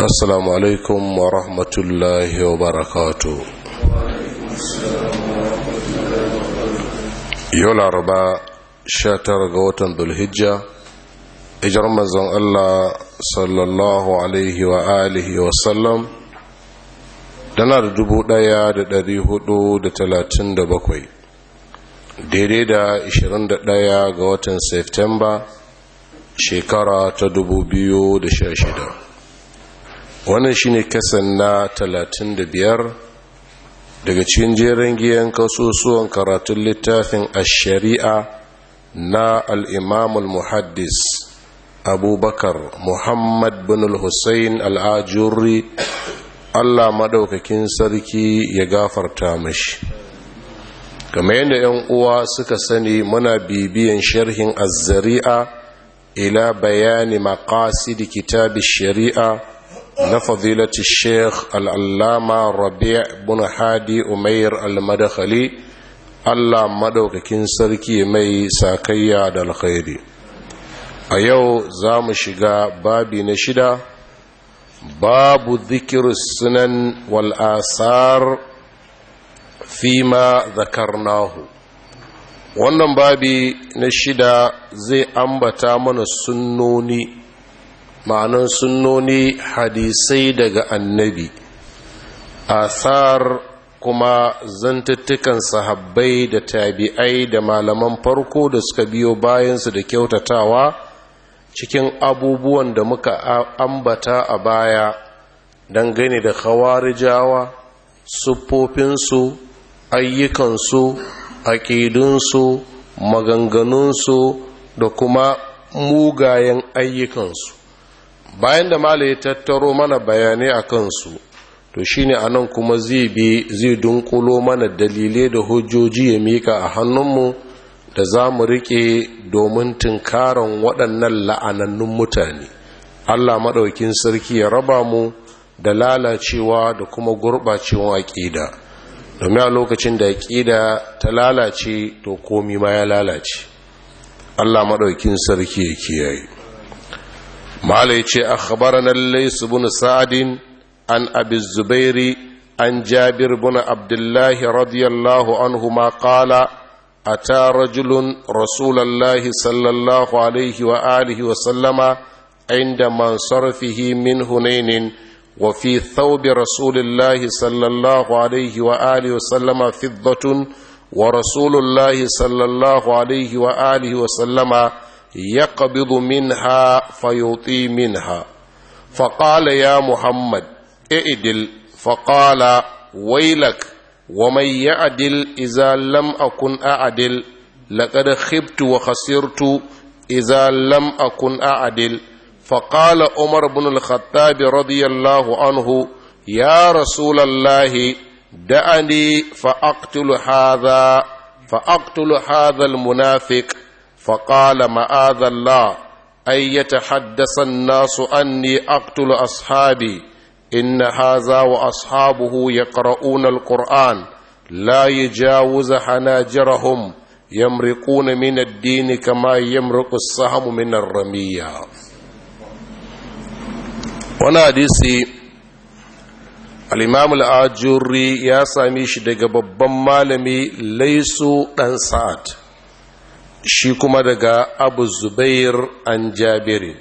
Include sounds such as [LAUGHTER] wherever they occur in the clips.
assalamu alaikum wa rahmatullahi wa barakatu yau laraba 19 ga watan dulhijja ijar mazan allah sallallahu alaihi wa alihi wa sallam dana da dubu ɗaya da dari hudu da talatin da bakwai daidai da ɗaya ga watan septemba shekara ta dubu biyu da sha shida wannan ne kasan na 35 daga cikin jerin giyan kasusuwan karatun littafin ashari'a sharia na al muhaddis abubakar muhammad bin al-hussein allah maɗaukakin sarki ya gafarta mashi kamar yadda 'yan uwa suka sani muna bibiyan sharhin azzari'a ila bayani makasi da kitabin sharia na fadilati sheikh al'allama rabia bin hadi umair al-madakhali allah madaukakin sarki mai sakayya da alkhairi a yau za mu shiga babi na shida babu zikir sunan wal'asar fima zakarnahu wannan babi na shida zai ambata mana sunnoni ma'anan sunnoni hadisai daga annabi athar kuma zantattukan sahabbai da tabi'ai da malaman farko da suka biyo bayansu da kyautatawa cikin abubuwan da muka ambata a baya dangane da khawarijawa siffofinsu ayyukansu aƙidunsu maganganunsu da kuma mugayen ayyukansu bayan da mala ya tattaro mana bayanai a kansu to shi shine anan kuma zai bi zai dunkulo mana dalilai da hujjoji ya mika a hannunmu da za mu rike domin tunkaron waɗannan la'anannun mutane allah maɗaukin sarki ya raba mu da lalacewa da kuma gurɓacewa a ƙida domin a lokacin da ƙida ta lalace to komi ma ya lalace allah maɗaukin sarki ya kiyaye mala ya ce akhbarana lays ibn Sa'adin an abi zubairi an jabir ibn abdullahi radiyallahu anhu ma a ta rajulun rasulallahi sallallahu alaihi wa alihi wa sallama عند منصرفه من هنين وفي ثوب رسول alaihi wa الله عليه وآله وسلم wa ورسول sallallahu alaihi wa عليه wa sallama. يقبض منها فيطي منها فقال يا محمد اعدل فقال ويلك ومن يعدل إذا لم أكن أعدل لقد خبت وخسرت إذا لم أكن أعدل فقال عمر بن الخطاب رضي الله عنه يا رسول الله دعني فأقتل هذا فأقتل هذا المنافق فقال معاذ الله أن يتحدث الناس أني أقتل أصحابي إن هذا وأصحابه يقرؤون القرآن لا يجاوز حناجرهم يمرقون من الدين كما يمرق السهم من الرمية وانا حديثي الإمام الآجوري يا سامي شدق ببما لمي ليسوا أنسات shi kuma daga abu zubair an jabiri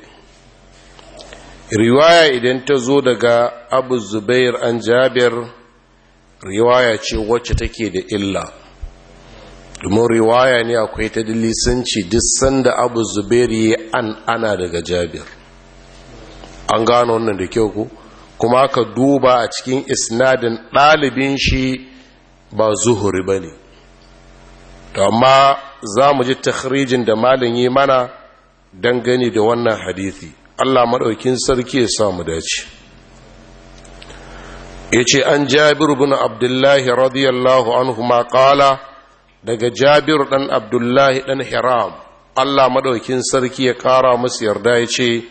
riwaya idan ta zo daga abu zubair an jabir riwaya ce wacce take da illa domin riwaya ne akwai ta dilisanci duk sanda abu zubair yi an ana daga jabir an gano wannan da kyau ku kuma ka duba a cikin isnadin ɗalibin shi ba zuhuri ba ne to amma za mu ji takhrijin da malin yi mana dangane da wannan hadithi Allah maɗaukin sarki ya samu dace ya ce an jabiru bin abdullahi radiyallahu anhu ma kala daga jabiru ɗan abdullahi ɗan hiram Allah maɗaukin sarki ya ƙara musu yarda ya ce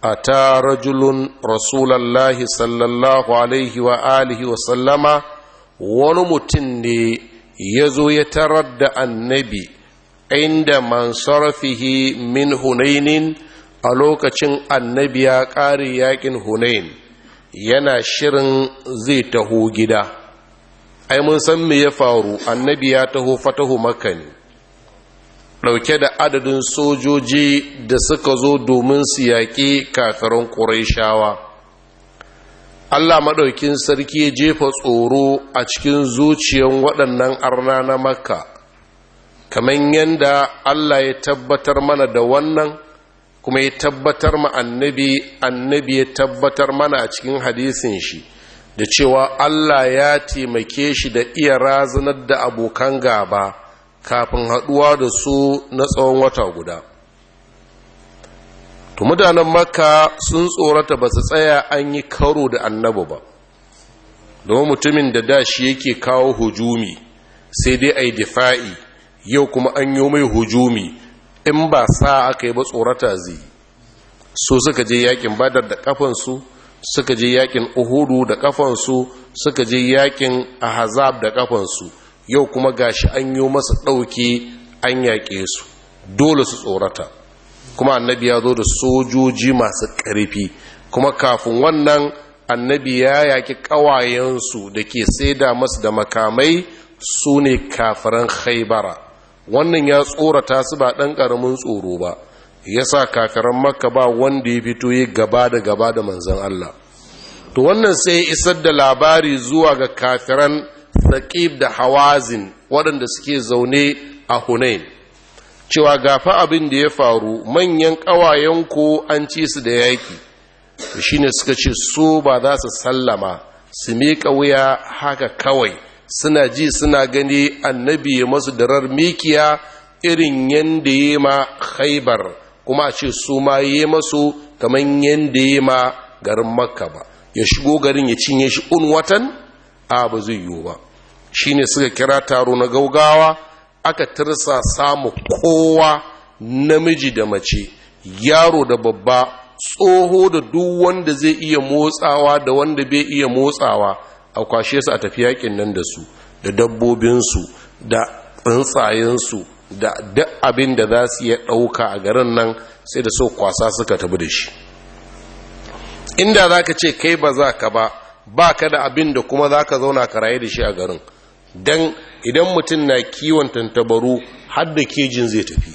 a ta rajulun Rasulallah sallallahu alaihi wa alihi wa sallama wani mutum ne ya zo ya tarar da annabi inda mansarafihi min hunainin a lokacin annabi ya ƙare yakin hunain yana shirin zai taho gida ai mun san me ya faru annabi ya taho fatahu makani ne ɗauke da adadin sojoji da suka zo domin su yaƙi kafirin ƙuraishawa Allah maɗaukin sarki ya jefa tsoro a cikin zuciyan waɗannan arna na makka kamar yadda Allah ya tabbatar mana da wannan kuma ya tabbatar ma annabi annabi ya tabbatar mana a cikin hadisin shi da cewa Allah ya taimake shi da iya razanar da abokan gaba kafin haɗuwa da su na tsawon wata guda to mutanen makka sun tsorata ba su tsaya an yi karo da annabi ba domin mutumin da da shi yake kawo hujumi sai dai a yi difa'i yau kuma an yi mai hujumi in ba sa aka yi ba tsorata zai Su suka je yakin badar da kafansu suka je yakin uhudu da kafansu suka je yakin ahazab da kafansu yau kuma gashi an yi masa ɗauke an yaƙe su dole su tsorata kuma annabi ya zo da sojoji masu ƙarfi kuma kafin wannan annabi ya yaƙi ƙawayensu da ke saida masu da makamai su ne kafiran haibara wannan ya tsorata su ba ɗan ƙaramin tsoro ba ya sa kafiran makka ba wanda ya fito yi gaba da gaba da manzan Allah to wannan sai isar da labari zuwa ga kafiran saƙib da hawazin waɗanda suke zaune a hunain cewa gafa abin da ya faru manyan ƙawayenku an ci su da yaki shi ne suka ce so ba za su sallama su mika wuya haka kawai suna ji suna gani annabi ya masu darar mikiya irin yadda ya ma haibar kuma a ce su ma ya masu kamar yadda ya ma garin makka ba ya shigo garin ya cinye shi un watan a ba zai yiwu ba shi ne suka kira taro na gaugawa aka tirsa samu kowa namiji da mace yaro da babba tsoho da duk wanda zai iya motsawa da wanda bai iya motsawa a kwashe su a tafi yakin nan da su da dabbobinsu da tsuntsayensu da duk abin da za su iya ɗauka a garin nan sai da so kwasa suka tabi da shi inda za ka ce kai ba za ka ba ba ka da abin da kuma za ka zauna ka raye da shi a garin don idan mutum na kiwon tantabaru har da kejin zai tafi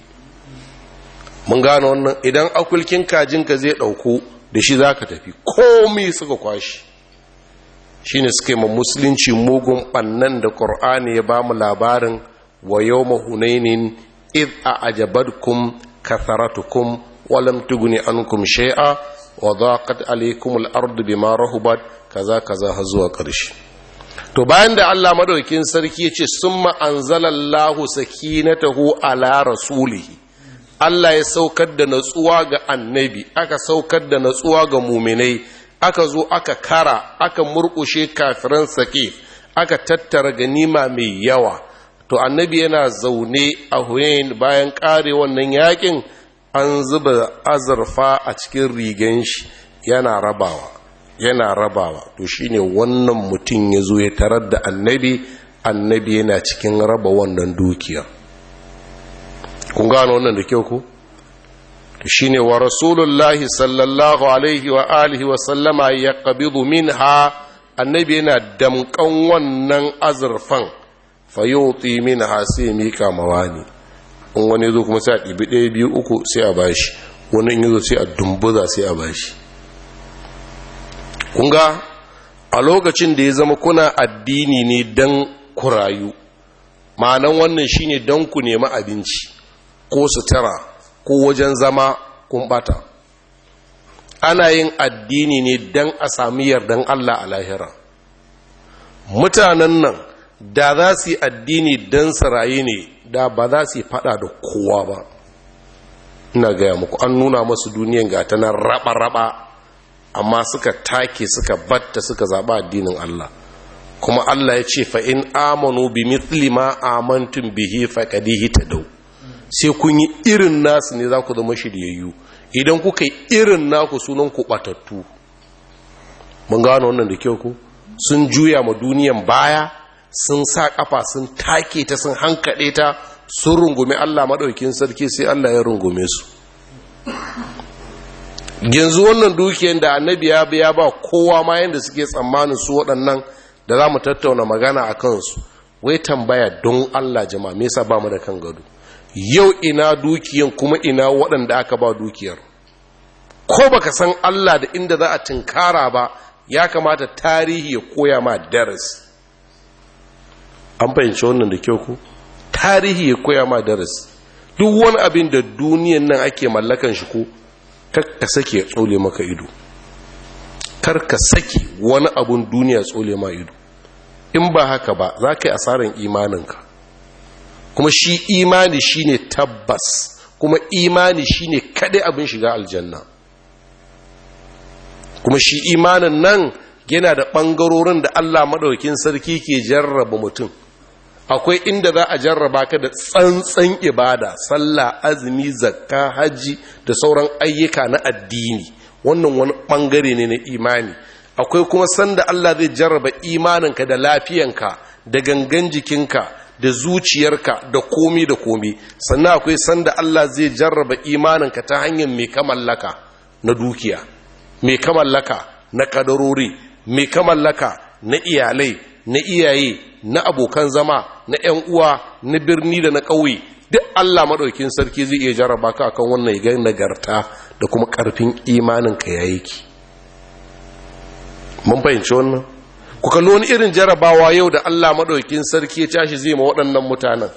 mun gano wannan idan akulkin kajinka zai ɗauko da shi za ka tafi komai suka kwashi shi ne suka yi ma musulunci mugun ɓannan da ƙor'ani ya ba mu labarin wa yau mahunainin id a ajabadkum kasaratukum walam tuguni ankum shai'a wa zaqat alaykum al-ardu bima rahubat kaza kaza har zuwa ƙarshe to bayan da Allah madaukin sarki ya ce summa anzalallahu sakinatahu ala rasulihi Allah ya saukar da natsuwa ga annabi aka saukar da natsuwa ga muminai aka zo aka kara aka murkushe kafiran sake aka tattara ganima mai yawa to annabi yana zaune a huyen bayan kare wannan yakin an zuba azurfa a cikin rigan shi yana rabawa yana rabawa to shine wannan mutum ya zo ya tarar da annabi annabi yana cikin raba wannan dukiya kun gano wannan da kyau ku shine wa rasulullahi sallallahu alaihi wa alihi wa sallama ya qabidu ha annabi yana damkan wannan azurfan min ha sai mika mawani in wani zo kuma sai a ɗibi ɗaya biyu uku sai a bashi wani in zo sai a dumbuza sai a bashi kunga a lokacin da ya zama kuna addini ne don ku rayu ma'anan wannan shine don ku nemi abinci ko sutura ko wajen zama kun bata ana yin addini ne don a sami yardan Allah a lahira mutanen nan da za su yi addini don su rayu ne da ba za su yi fada da kowa ba ina gaya muku an nuna masu duniyan ga ta raba-raba amma suka take suka batta suka zaɓa addinin Allah kuma Allah ya ce fa in amanu bi mithli ma amantum bihi ta dau. sai kun yi irin nasu ne za ku zama shiryayyu idan kuka yi irin naku sunan ku batattu mun gano wannan da kyau ku sun juya ma duniyan baya sun sa ƙafa, sun take ta sun hankade ta sun rungume Allah maɗaukin sarki sai Allah ya rungume su yanzu wannan dukiyar da annabi ya biya ba kowa ma yadda suke tsammanin su waɗannan da za mu tattauna magana a kansu wai tambaya don allah jama'a me yasa ba mu da kan gado yau ina dukiyan kuma ina waɗanda aka ba dukiyar ko baka san allah da inda za a tinkara ba ya kamata tarihi ya koya ma darasi an fahimci wannan da kyau ku tarihi ya koya ma darasi duk wani abin da duniyan nan ake mallakan shi ko karka sake tsole maka ido karka sake wani abun duniya tsole ma ido in ba haka ba za ka yi asarar imaninka kuma shi imani shine tabbas kuma imani shine kaɗai abin shiga aljanna kuma shi imanin nan yana da ɓangarorin da allah maɗaukin sarki ke jarraba mutum akwai inda za a jarraba ka da tsantsan ibada sallah azumi zakka haji da sauran ayyuka na addini wannan wani bangare ne na imani akwai kuma sanda Allah zai jarraba imaninka da lafiyanka da gangan jikinka da zuciyarka da komi da komi sannan akwai sanda Allah zai jarraba imaninka ta hanyar mai kamallaka na dukiya mai kamallaka na kadarori mai kamallaka na iyalai na iyaye na abokan zama na 'yan uwa na birni da na ƙauye duk Allah maɗaukin sarki zai iya jaraba ka akan wannan ya nagarta da kuma ƙarfin imanin ka yi ki mun fahimci wannan ku kalli wani irin jarrabawa yau da Allah maɗaukin sarki ya tashi zai ma waɗannan mutanen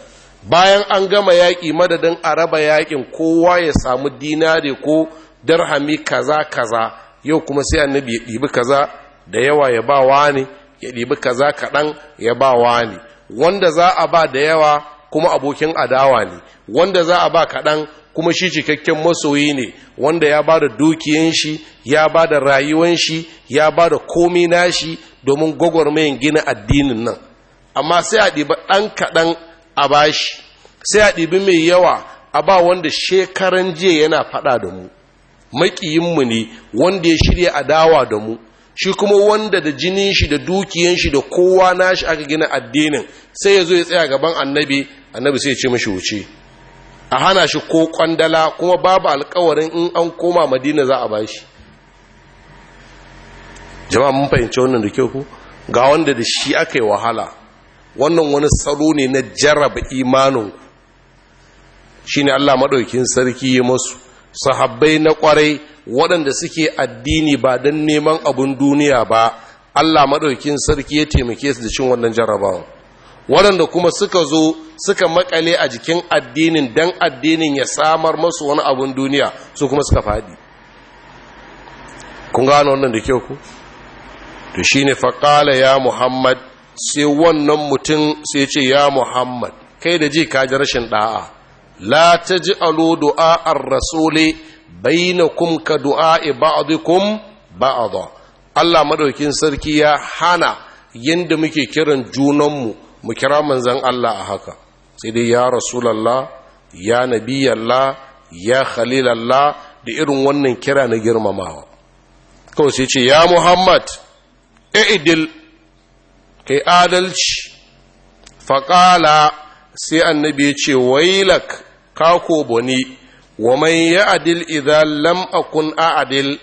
bayan an gama yaƙi madadin a raba yaƙin kowa ya samu dinare ko darhami kaza kaza yau kuma sai annabi ya ɗibi kaza da yawa ya ba wa ne ya ɗibi kaza kaɗan ya ba ne. wanda za a ba da yawa kuma abokin adawa ne wanda za a ba kaɗan kuma shi cikakken masoyi ne wanda ya ba da dukiyan shi ya ba da rayuwan shi ya ba da komi nashi domin gwagwarmayin gina addinin nan amma sai a ɗibi ɗan kaɗan a ba shi. sai a ɗibi mai yawa a ba wanda shekaran jiya yana faɗa da mu maƙiyinmu ne wanda ya shirya adawa da mu shi kuma wanda da jinin shi da dukiyan shi da kowa nashi aka gina addinin sai ya zo ya tsaya gaban annabi annabi sai ya ce mashi wuce a hana shi ko kwandala kuma babu alkawarin in an koma madina za a bashi jama'a mun fahimci wannan da kyau ku ga wanda da shi aka yi wahala wannan wani salo ne na jarraba imanin shi ne allah maɗaukin sarki ya masu sahabbai na kwarai waɗanda suke addini ba don neman abin duniya ba allah maɗaukin sarki ya taimake su da cin wannan jarabawa waɗanda kuma suka zo suka makale a jikin addinin don addinin ya samar masu wani abin duniya su kuma suka faɗi kun gano wannan da kyau ku to ne faƙala ya muhammad sai wannan mutum sai ce ya muhammad kai da ji ji rashin ɗa'a la taj'alu du'a ar-rasuli bainakum ka du'a'i ba'dikum ba'dha Allah madaukin sarki ya hana yanda muke kiran junanmu mu kira manzon Allah a haka sai dai ya rasu rasulullah ya nabiyallah ya khalilallah da irin wannan kira na girmamawa kawai ya muhammad i'dil kai adalci faƙala sai annabi ya ce wailak kako boni wa man ya'dil idza lam akun a'dil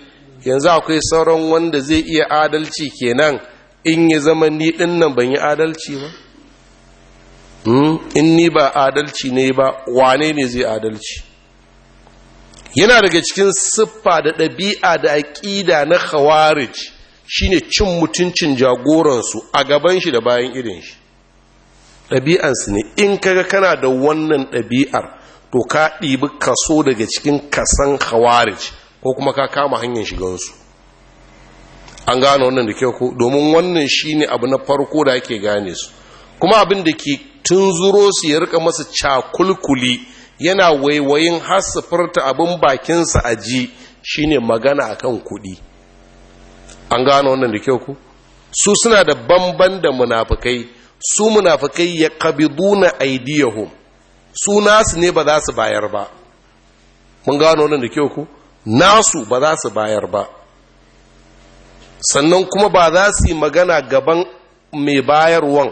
yanzu akwai sauran wanda zai iya adalci kenan in ya zama ni din nan ban yi adalci ba hmm? in ni ba adalci ne ba wane ne zai adalci yana daga cikin siffa da ɗabi'a da aƙida na khawarij shine cin mutuncin jagoransu a gaban shi da bayan irin shi ɗabi'ansu ne in kaga kana da wannan ɗabi'ar to ka ɗibi kaso daga cikin kasan khawarij ko kuma ka kama hanyar shigansu an gano wannan da kyau domin wannan shine abu na farko da ake gane su kuma abin da ke tun zuro su ya rika masa cakulkuli yana waiwayin har su furta abin bakinsa a ji shine magana akan kuɗi an gano wannan da kyau su suna da banban da munafukai su munafukai ya kabiduna aidiyahum su nasu ne ba za su bayar ba mun gano wannan da kyau ku nasu ba za su bayar ba sannan kuma ba za su yi magana gaban mai bayarwan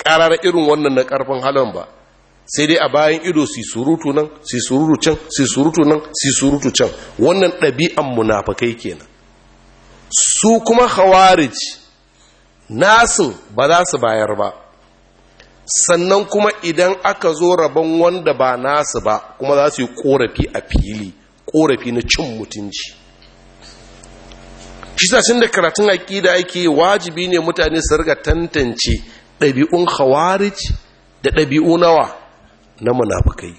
karar irin wannan na karfin halin ba sai dai a bayan ido su surutu nan su surutu can su surutu nan su surutu can wannan ɗabi'an munafakai kenan su kuma khawarij nasu ba za su bayar ba sannan kuma idan aka zo rabon wanda ba nasu ba kuma za su yi korafi a fili korafi na cin mutunci shi sashen da karatun aƙida ake wajibi ne mutane su riga tantance ɗabi'un khawarij da ɗabi'u nawa na munafukai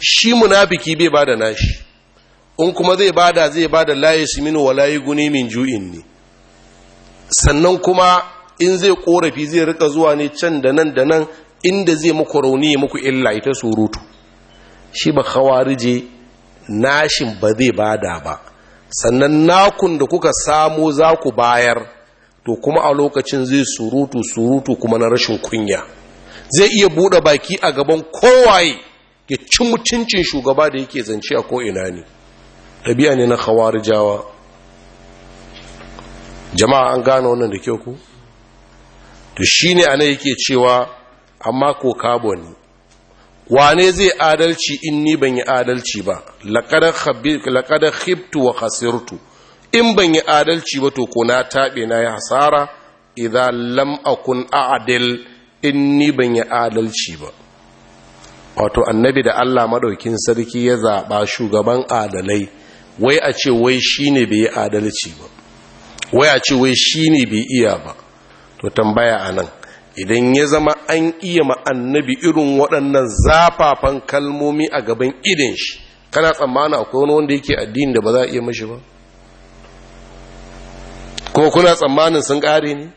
shi munafuki bai ba nashi in kuma zai bada zai bada layi su min wa layi guni min ju'in ne sannan kuma in zai korafi zai rika zuwa ne can da nan da nan inda zai muku rauni muku illa ita surutu shi ba khawarije nashin ba zai bada ba sannan nakun da kuka samu za ku bayar to kuma a lokacin zai surutu surutu kuma na rashin kunya zai iya buɗe baki a gaban kowaye ya ci mutuncin shugaba da yake zance a ko'ina ne ɗabi'a ne na khawarijawa jama'a an gane wannan da kyau ku to shine ana yake cewa amma ko ne. wane zai adalci in ni ban yi adalci ba laƙadar khibtu wa khasirtu in ban yi adalci ba to ko na taɓe na yi hasara idan lam akun adal in ni ban yi adalci ba wato annabi da Allah maɗaukin sarki ya zaɓa shugaban adalai wai a ce wai shine bai yi adalci ba wai a ce wai shine bai iya ba to tambaya a nan idan ya zama an iya ma'annabi irin waɗannan zafafan kalmomi a gaban idin shi kana tsammana akwai wani wanda yake addini da ba za a iya mashi ba ko kuna tsammanin sun ƙare ne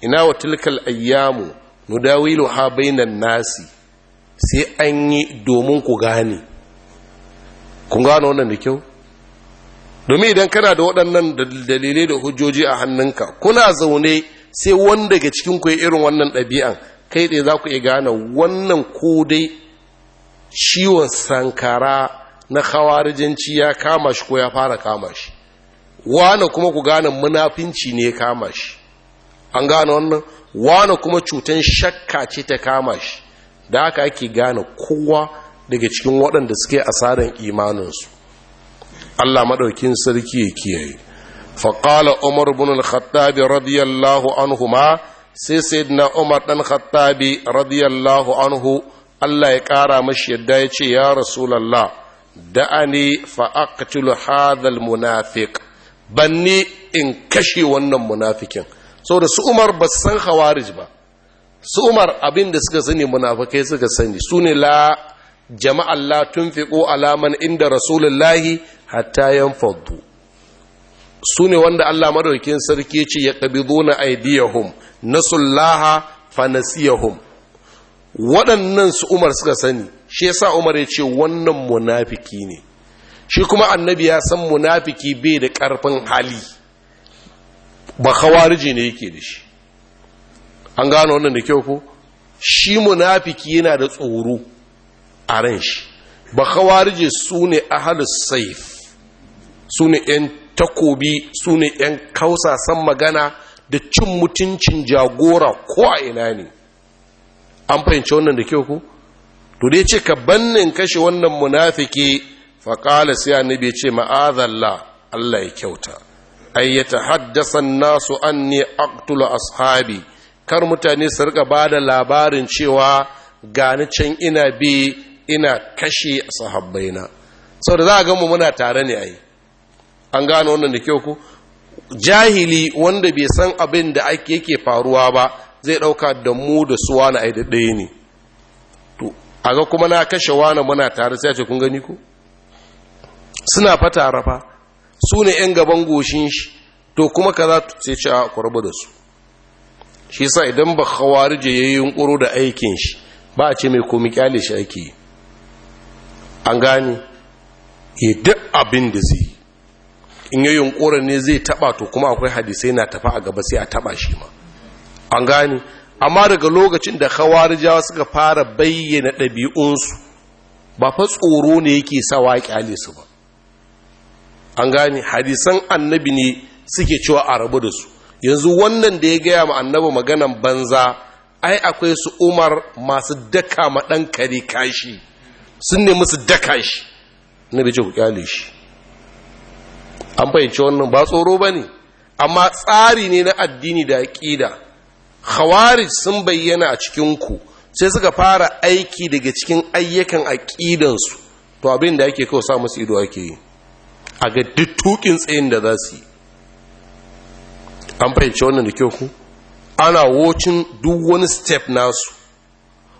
ina wa tilkal ayyamu nudawilu ha bainan nasi sai an yi domin ku gane kun gane wannan da kyau domin idan kana da waɗannan dalilai da hujjoji a hannunka kuna zaune sai wanda daga cikin ku irin wannan ɗabi'an kai ɗaya za ku iya gane wannan ko dai ciwon sankara na khawarijanci ya kama shi ko ya fara kama shi wane kuma ku gane munafinci ne ya kama shi an gane wannan wane kuma cutar shakka ce ta kama shi da haka ake gane kowa daga cikin waɗanda suke asarar imaninsu Allah maɗaukin sarki ya kiyaye faƙala umar bin al-khattabi radiyallahu anhu ma sai sayyidina umar ɗan khattabi radiyallahu anhu Allah ya ƙara mashi yadda ya ce ya rasulallah da'ani fa'aqtulu hadhal munafiq banni in kashe wannan munafikin saboda su Umar ba san khawarij ba su Umar abin suka sani munafikai suka sani su ne la jama'a la tunfiqu alaman inda rasulullahi hatta yanfaddu su ne wanda Allah madaukin sarki ce ya aidiyahum na sullaha fanasiyahum waɗannan su Umar suka sani shi ya sa Umar ya ce wannan munafiki ne shi kuma annabi ya san munafiki bai da ƙarfin hali ba khawariji ne yake da shi an gano wannan da kyau ko shi munafiki yana da tsoro a ran shi ba khawarije su ne ahalus saif su ne 'yan takobi su ne 'yan kausasan magana da cin mutuncin jagora ko a ina ne an fahimci wannan da kyau ku to dai ce ka bannin kashe wannan munafiki faƙala sai annabi ce ma'azalla Allah ya kyauta ay yatahaddasa an-nasu anni aqtulu ashabi kar mutane su rika da labarin cewa gani can ina bi ina kashe sahabbaina saboda za a gama muna tare ne ai an gane wannan da kyau ku jahili wanda bai san abin da ake yake faruwa ba zai ɗauka da mu da suwa na aida ɗaya ne to a ga kuma na kashe wani muna tare sai ce kun gani ku suna fata rafa su ne 'yan gaban goshin shi to kuma ka za ta ce ku kwarba da su shi sa idan ba khawarije ya yi yunƙuro da aikin shi ba a ce mai komi kyale shi ake yi an gane ya eh, duk abin da zai in yi yunkurin ne zai taba to kuma akwai hadisai na tafa a gaba sai a taba shi ma an gani amma daga lokacin da khawarijawa suka fara bayyana ɗabi'unsu ba fa tsoro ne yake sawa kyale su ba an gani hadisan annabi ne suke cewa a rabu da su yanzu wannan da ya gaya ma annabi maganan banza ai akwai su umar masu daka ma ɗan kare kashi sun nemi su daka shi na ce ku kyale shi an fahimci wannan ba tsoro ba ne amma tsari ne na addini da aƙida khawarij sun bayyana a cikinku sai suka fara aiki daga cikin ayyukan aƙidansu to abin da ake kawo sa musu ido ake yi a ga duk tsayin da za su yi an fahimci wannan da kyau ana wocin duk wani step nasu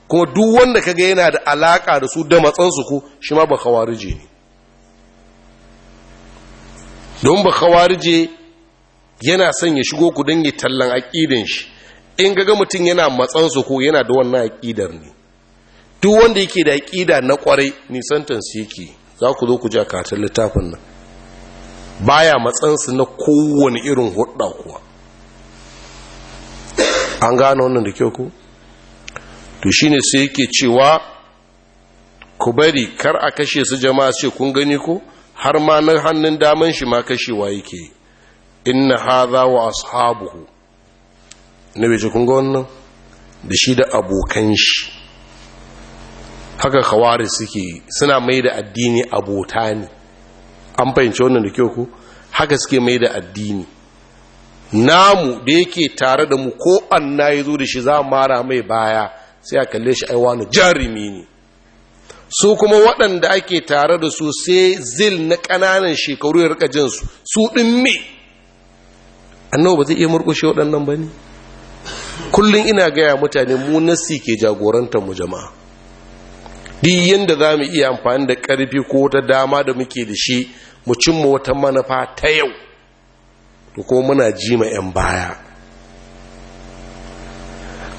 kuma duk wanda kaga yana da alaka da su da matsansu ku shi ma ba khawarije ne don ba kawarje yana son ya shigo ku don ya tallan aƙidin shi in gaga mutum yana matsansu ko yana da wannan aƙidar ne duk wanda yake da aƙida na ƙwarai su yake za ku zo ku ja katar littafin nan baya matsansu na kowane irin hudda kuwa an gano wannan da kyau ku to shine sai yake cewa ku bari kar a kashe su jama'a ce kun gani ko har ma na hannun daman shi ma kashewa yake inna hadha wa ashabuhu nabi ji kun ga wannan da shi da abokan shi haka kawari suke suna mai da addini abota ne an fahimci wannan da kyau ku haka suke mai da addini namu da yake tare da mu ko anna ya zo da shi za mara mai baya sai a kalle shi aiwa na jarumi ne su kuma waɗanda ake tare da su sai zil na ƙananan shekaru ya rika jinsu su ɗin me annawa ba zai iya murkushe waɗannan ba ne kullum ina gaya mutane mu nasi ke jagorantar mu jama'a duk yadda za mu iya amfani da ƙarfi ko ta dama da muke da shi mu cimma wata manufa ta yau to ko muna jima 'yan baya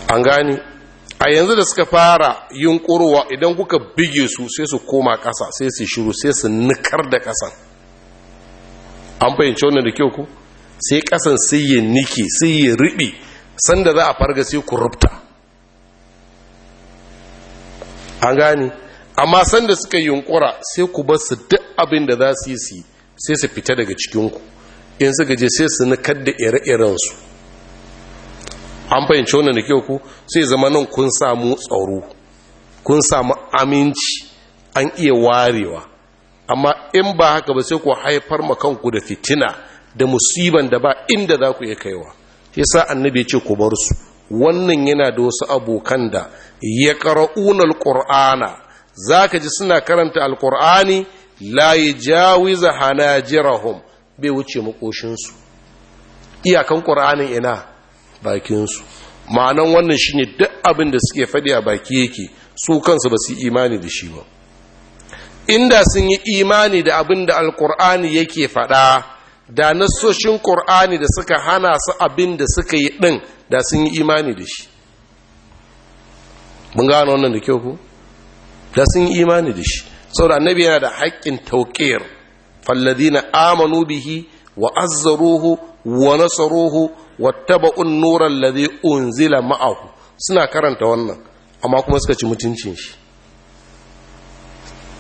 an gane a yanzu da suka fara yunkurwa idan kuka bige su sai su koma ƙasa sai su shiru sai su nukar da ƙasan an fahimci wannan da kyau ku sai ƙasan sai yi niki sai yi riɓi sanda za a farga sai ku rubta an gani amma sanda suka yunkura sai ku ba su duk abin da za su yi sai su fita daga cikinku in suka je sai su nikar da ire-irensu an fahimci wannan da kyau ku sai zama nan kun samu tsaro kun samu aminci an iya warewa amma in ba haka ba sai ku haifar ma kanku da fitina da musiban da ba inda za ku iya kaiwa sa annabi ce ku bar su wannan yana da wasu abokan da ya qara'unal za zaka ji suna karanta alqur'ani la yajawiza hanajirahum bai wuce makoshin iyakan qur'anin ina bakinsu ma'anan wannan shi ne duk abin da suke faɗi a baki yake su kansu ba su yi imani da shi ba inda sun yi imani da abin da alkur'ani yake faɗa da nassoshin ƙur'ani da suka hana su abin da suka yi ɗin da sun yi imani da shi mun gano wannan da kyau ku da sun yi imani da shi saboda annabi yana da haƙƙin tauƙir falladina amanu bihi wa azzaruhu wa nasaruhu un nuran ladhi unzila ma'ahu suna karanta wannan amma kuma suka ci mutuncin shi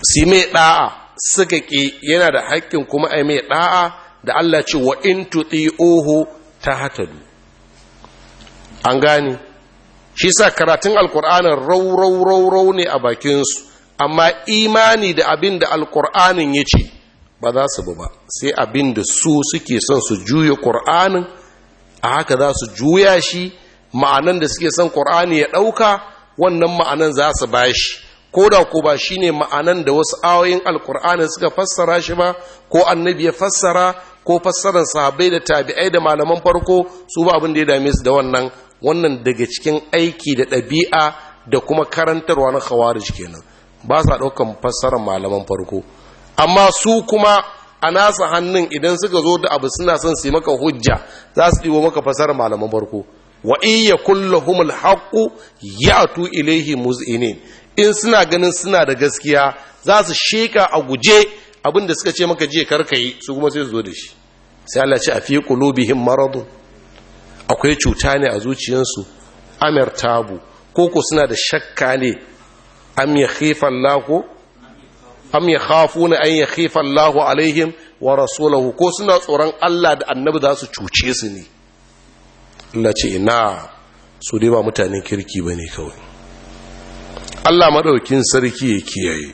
si mai da'a suka ki yana da haƙƙin kuma ai mai da'a da Allah ce wa in tuti'uhu tahtadu an gane shi sa karatun alkur'anin rau ne a bakinsu amma imani da abin da alkur'anin ya ce ba za su ba sai abin da su suke son su juya kur'anin a haka za su juya shi ma'anan da suke son ƙur'ani ya ɗauka wannan ma'anan za su ba shi ko da ko ba shi ne ma'anan da wasu ayoyin alƙorani suka fassara shi ba ko annabi ya fassara ko fassarar sahabbai da tabi'ai da malaman farko su ba abin da ya dame su da wannan wannan daga cikin aiki da ɗabi'a da kuma karantarwa na khawarij kenan ba sa ɗaukan fassarar malaman farko amma su kuma a nasa hannun idan suka zo da abu suna son su yi maka hujja za su ɗiwo maka fasar malaman barko. wa iya kullahum ya ya'tu ilaihi muz'inin in suna ganin suna da gaskiya za su sheka a guje abin da suka ce maka jiya karkayi su kuma sai su zo da shi sai Allah ce a fi qulubihim maradu akwai cuta ne a zuciyarsu amir tabu ko ku suna da shakka ne am yakhifa Allah am ya na an ya khifa Allahu alaihim wa rasulahu ko suna tsoron Allah da annabi za su cuce su ne Allah ce ina su dai ba mutanen kirki bane kawai Allah madaukin sarki ya kiyaye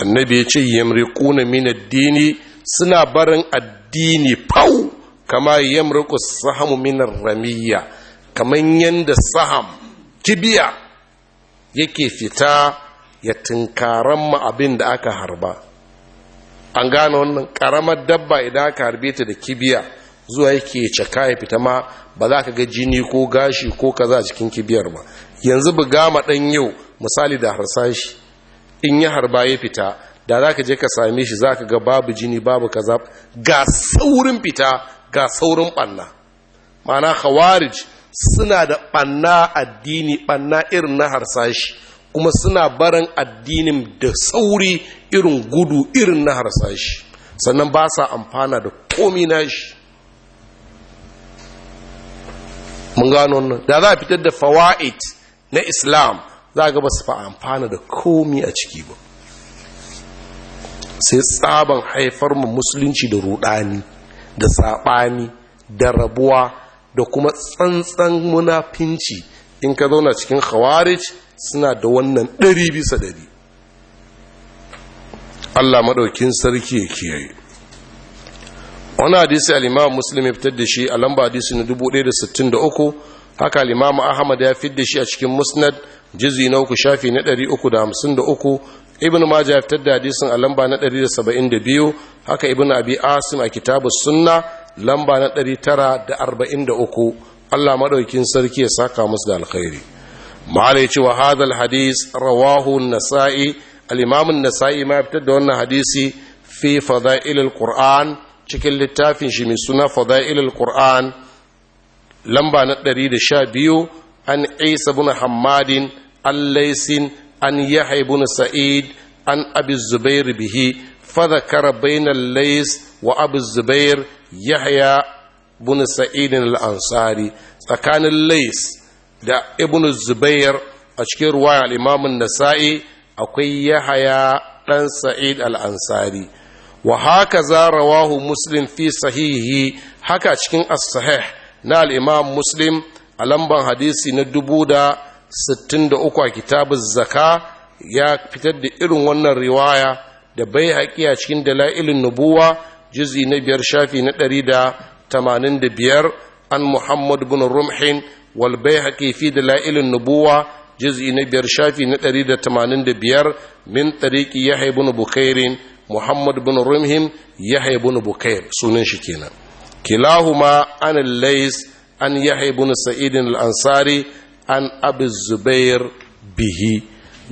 annabi ya ce yamriquna min ad-dini suna barin addini fau kama yamriqu sahamu min ramiyya kaman yanda saham kibiya yake fita ya tunkaran ma abin da aka harba an gane wannan karamar dabba idan aka harbe ta da kibiya zuwa yake caka ya fita ma ba za ka ga jini ko gashi ko kaza cikin kibiyar ba yanzu buga ma ɗan yau misali da harsashi in ya harba ya fita da za ka je ka same shi za ka ga babu jini babu kaza ga saurin fita ga saurin ɓanna ma'ana khawarij suna da ɓanna addini ɓanna irin na harsashi kuma suna barin addinin da sauri irin gudu irin na harsashi sannan ba sa amfana da komi na shi. mun gano nan da za a fitar da fawa'id na islam za ga ba su fa amfana da komi a ciki ba sai tsaban haifar mu musulunci da rudani da saɓani da rabuwa da kuma tsantsan munafinci in ka zauna cikin khawarij suna da wannan ɗari bisa ɗari Allah maɗaukin sarki ya kiyaye wani hadisi al'imam muslim ya fitar da shi a lamba hadisi na 1063 haka al'imam ahmad ya fitar da shi a cikin musnad jizi na uku shafi na 353 ibn majah ya fitar da hadisin a lamba na 172 haka ibn abi asim a kitabu sunna lamba na 943 Allah maɗaukin sarki ya saka musu da alkhairi malai wa hadal hadis rawahu nasa'i al nasai ma fitar da wannan hadisi fi fada'ilil qur'an cikin littafin shi mai suna fada'ilil qur'an lamba na 112 an isa bin hammadin laisin an yahya bin sa'id an abi zubair bihi فذكر بين wa وابي الزبير yahaya. bin sa'id al-ansari tsakanin LAYS da ibn zubair a cikin ruwaya al-imam nasai akwai yahaya dan sa'id al-ansari wa haka za rawahu muslim fi sahihi haka cikin as-sahih na al-imam muslim a lamban hadisi na dubu da sittin da uku a kitabun zaka ya fitar da irin wannan riwaya da bai haƙi a cikin dala'ilin nubuwa juzi na biyar shafi na ɗari da 85 an muhammad bin rumhin wal bayhaqi fi dalailin nubuwa juz'i na biyar shafi na 185 min tariqi yahya ibn bukairin muhammad bin rumhin yahya ibn bukair sunan shi kenan kilahuma an al-lays an yahya ibn sa'id al-ansari an abi zubair bihi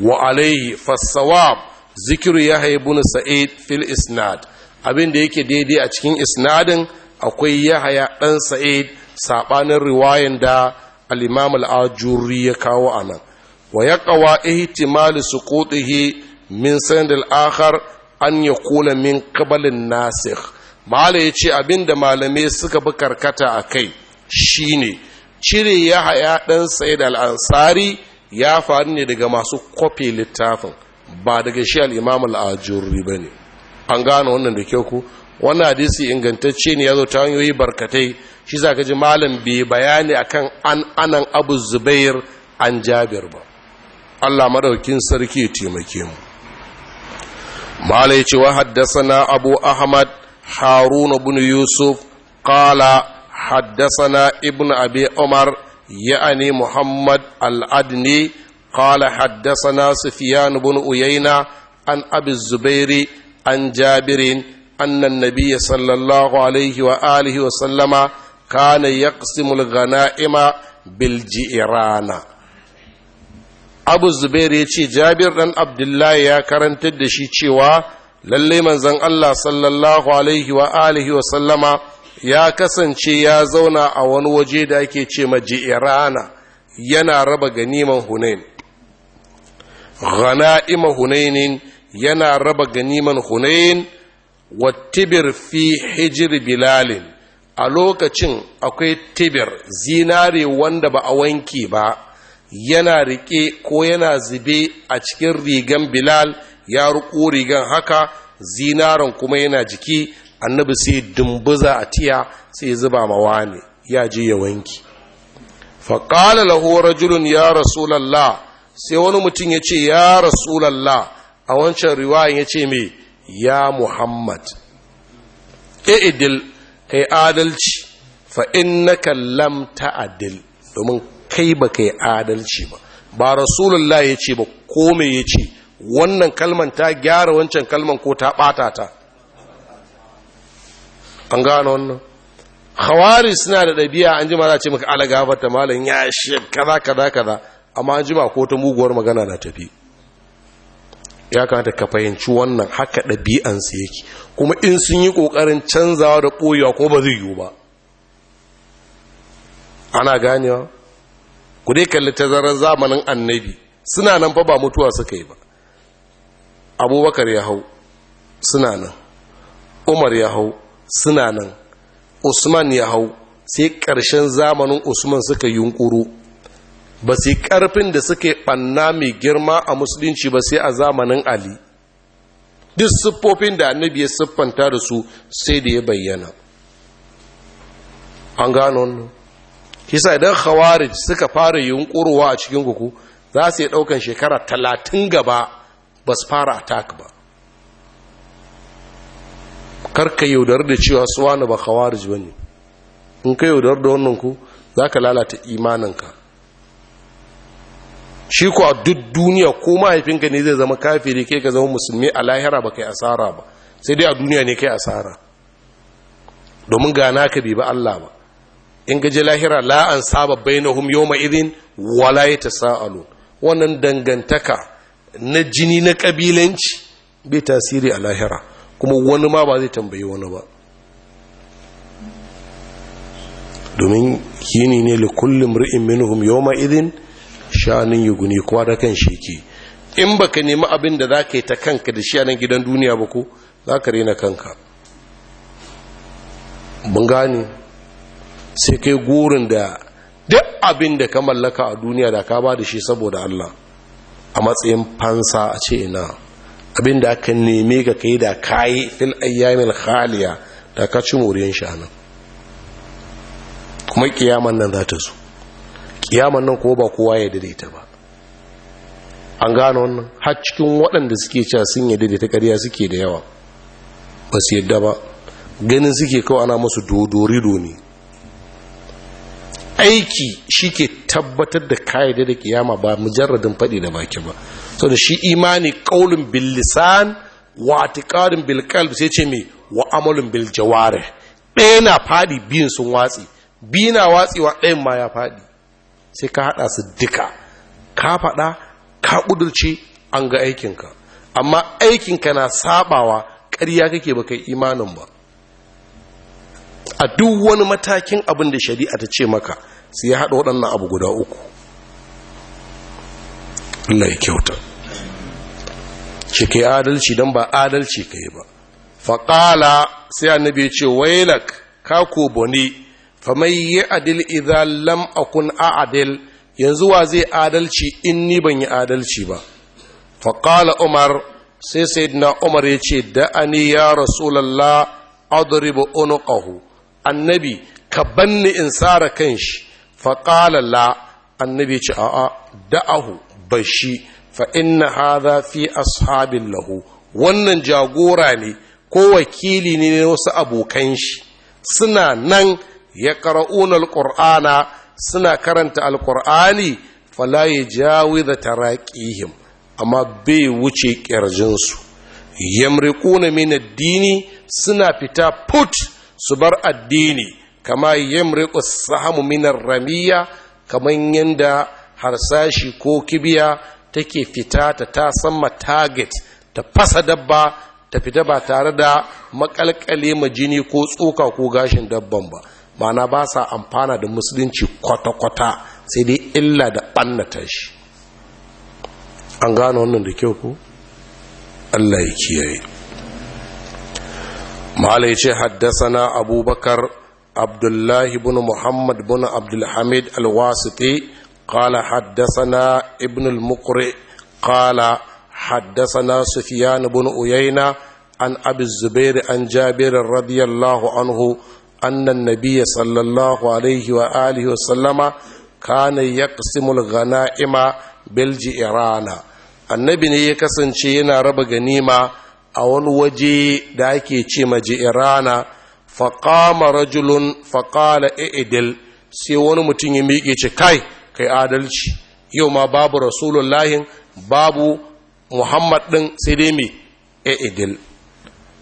wa alayhi fasawab zikiru yahya ibn sa'id fil isnad abin da yake daidai a cikin isnadin akwai yahaya ɗan sa'id saɓanin riwayan da al-imam ajuri ya kawo a nan wa ya ƙawa ihtimali su min sandal akhar an ya kula min kabalin nasikh mala ya ce abinda malamai suka bi karkata a kai shine cire yahaya ɗan sa'id al'ansari ya faru ne daga masu kwafe littafin ba daga shi al'imam al'ajirri ba ne an gane wannan da kyau ku wannan hadisi ingantacce ne ya zo ta hanyoyi barkatai shi za ka ji malam bai bayani akan an anan abu zubair an jabir ba allah maɗaukin sarki ya taimake mu malai ce wa abu ahmad Haruna bin yusuf haddasa na ibn abi umar ya'ani muhammad al-adni haddasa na sufiyan bin uyayna an abu zubairi an jabirin annan Nabiya sallallahu alaihi wa wa sallama kana yaqsimul ghana'ima bil Abu Zubair ya ce Jabir dan Abdullahi ya karantar da shi cewa lalle manzon Allah sallallahu alaihi wa wa sallama ya kasance ya zauna a wani waje da ake ce ma yana raba ganiman Hunain ghana'ima Hunainin yana raba ganiman Hunain wattibir fi hijir bilalin a lokacin akwai tibir zinare wanda ba a wanke ba yana riƙe ko yana zube a cikin rigan bilal ya riƙo rigan haka zinaren kuma yana jiki annabi sai dumbuza a tiya sai zuba mawa ne ya je ya wanki faƙala lahu Julun ya rasulallah sai wani mutum ya ce ya rasulallah a wancan riwayan ya ce mai ya muhammad i'dil kai adalci fa innaka lam ta'dil domin kai ba kai adalci ba ba rasulullah ya ce ba ko me ya ce wannan kalman ta gyara wancan kalman ko ta bata ta an gano wannan hawari suna da ɗabi'a an jima za ce maka ala gafarta malam ya shi kaza kaza kaza amma an jima ko ta muguwar magana na tafi ya kamata ka fahimci wannan haka ɗabi'ansu yake kuma in sun yi ƙoƙarin canzawa da ɓoyewa ko ba zai yiwu ba ana ganewa ku dai kalli tazarar zamanin annabi suna nan fa ba mutuwa suka yi ba abubakar ya hau suna nan umar ya hau suna nan usman ya hau sai ƙarshen zamanin usman suka yunƙuro. ba su yi ƙarfin da suke ɓanna mai girma a musulunci ba sai a zamanin ali duk siffofin da annabi ya siffanta da su sai da ya bayyana an gano wannan kisa idan khawarij suka fara yunkurwa a cikin kuku za su yi ɗaukan shekara talatin gaba ba su fara attack ba karka yaudar da cewa suwa na ba khawarij ba ne in ka yaudar da wannan ku za ka lalata imaninka shi ko a duk duniya ko mahaifinka ne zai zama kafiri kai ka zama musulmi a lahira ba kai asara ba sai dai a duniya ne kai asara domin gana ka bi ba Allah ba in gaji lahira la an saba bainahum yawma idhin wala yatasaalu wannan dangantaka na jini na kabilanci bai tasiri a lahira kuma wani ma ba zai tambayi wani ba domin kini ne li riin imri'in minhum yawma idhin Shanin Yuguni guni kowa da kan shi in in baka nemi abin da za ka yi ta kanka da shi a nan gidan duniya ba ko za ka rena kanka mun gani sai kai gurin da duk abin da ka mallaka a duniya da ka ba da shi saboda Allah a matsayin fansa a ce ina abin da aka neme ka kai da kayi fil ayyamin khaliya da ka ci moriyan shanin kuma kiyaman nan za ta zo kiyaman nan ko ba kowa ya daidaita ba an gano wannan har cikin waɗanda suke cewa sun yi da ta ƙarya suke da yawa ba su yadda ba ganin suke kawai ana masu dodorido ne aiki shi ke tabbatar da kayyade da kiyama ba mujarradin faɗi da baki ba sau da shi imani ƙaunin billisan wa atikarin bilkalb sai ce mai wa amalin biljaware ɗaya na faɗi biyun sun watsi biyu na watsi wa ɗayan ma ya faɗi sai ka haɗa su duka ka faɗa ka ƙudurce an ga aikinka amma aikinka na sabawa ƙarya kake ba kai imanin ba a duk wani matakin abin da shari'a ta ce maka sai ya haɗa waɗannan abu guda uku Allah yi kyauta ce kai adalci don ba adalci ka yi ba faƙala sai annabi ce wailak ka ko bone faman yi adil idan lam akun a adil yanzu wa zai adalci in ni ban yi adalci ba faƙala umar sai sayyidina umar ya ce da'ani ya rasulallah adribu unuqahu annabi ka banni in sara kanshi faƙala la annabi ce a'a da'ahu bashi fa inna hadha fi ashabin lahu wannan jagora ne ko wakili ne na wasu abokan shi suna nan ya alƙur'ana suna karanta alƙur'ani fala ya jawi da taraƙihim amma bai wuce ƙirjinsu yamriƙuna min addini suna fita put su bar addini kama yamriƙu sahamu min ramiya kamar yadda harsashi ko kibiya take fita ta ta sama target ta fasa dabba ta fita ba tare da makalkale ma jini ko tsoka ko gashin dabban ba mana ba sa amfana da musulunci kwata-kwata sai dai illa da ɓannata shi an gano wannan da kyau ku allah ya kiyaye malai ce haddasana abubakar abdullahi bin muhammad bin abdulhamid alwasiti قال حدثنا ابن kala haddasa na سفيان بن أيينة عن أبي الزبير عن جابر رضي radiyallahu anhu. annan nabiyya sallallahu alaihi wa wa sallama kana yaqsimul ghanaima bil ji'rana annabi ne ya kasance yana raba ganima a wani waje da ake ce ma ji'rana faqama rajulun faqala i'dil sai wani mutum ya miƙe ce kai adalci yau ma babu rasulullahi babu muhammad ɗin sai dai i'dil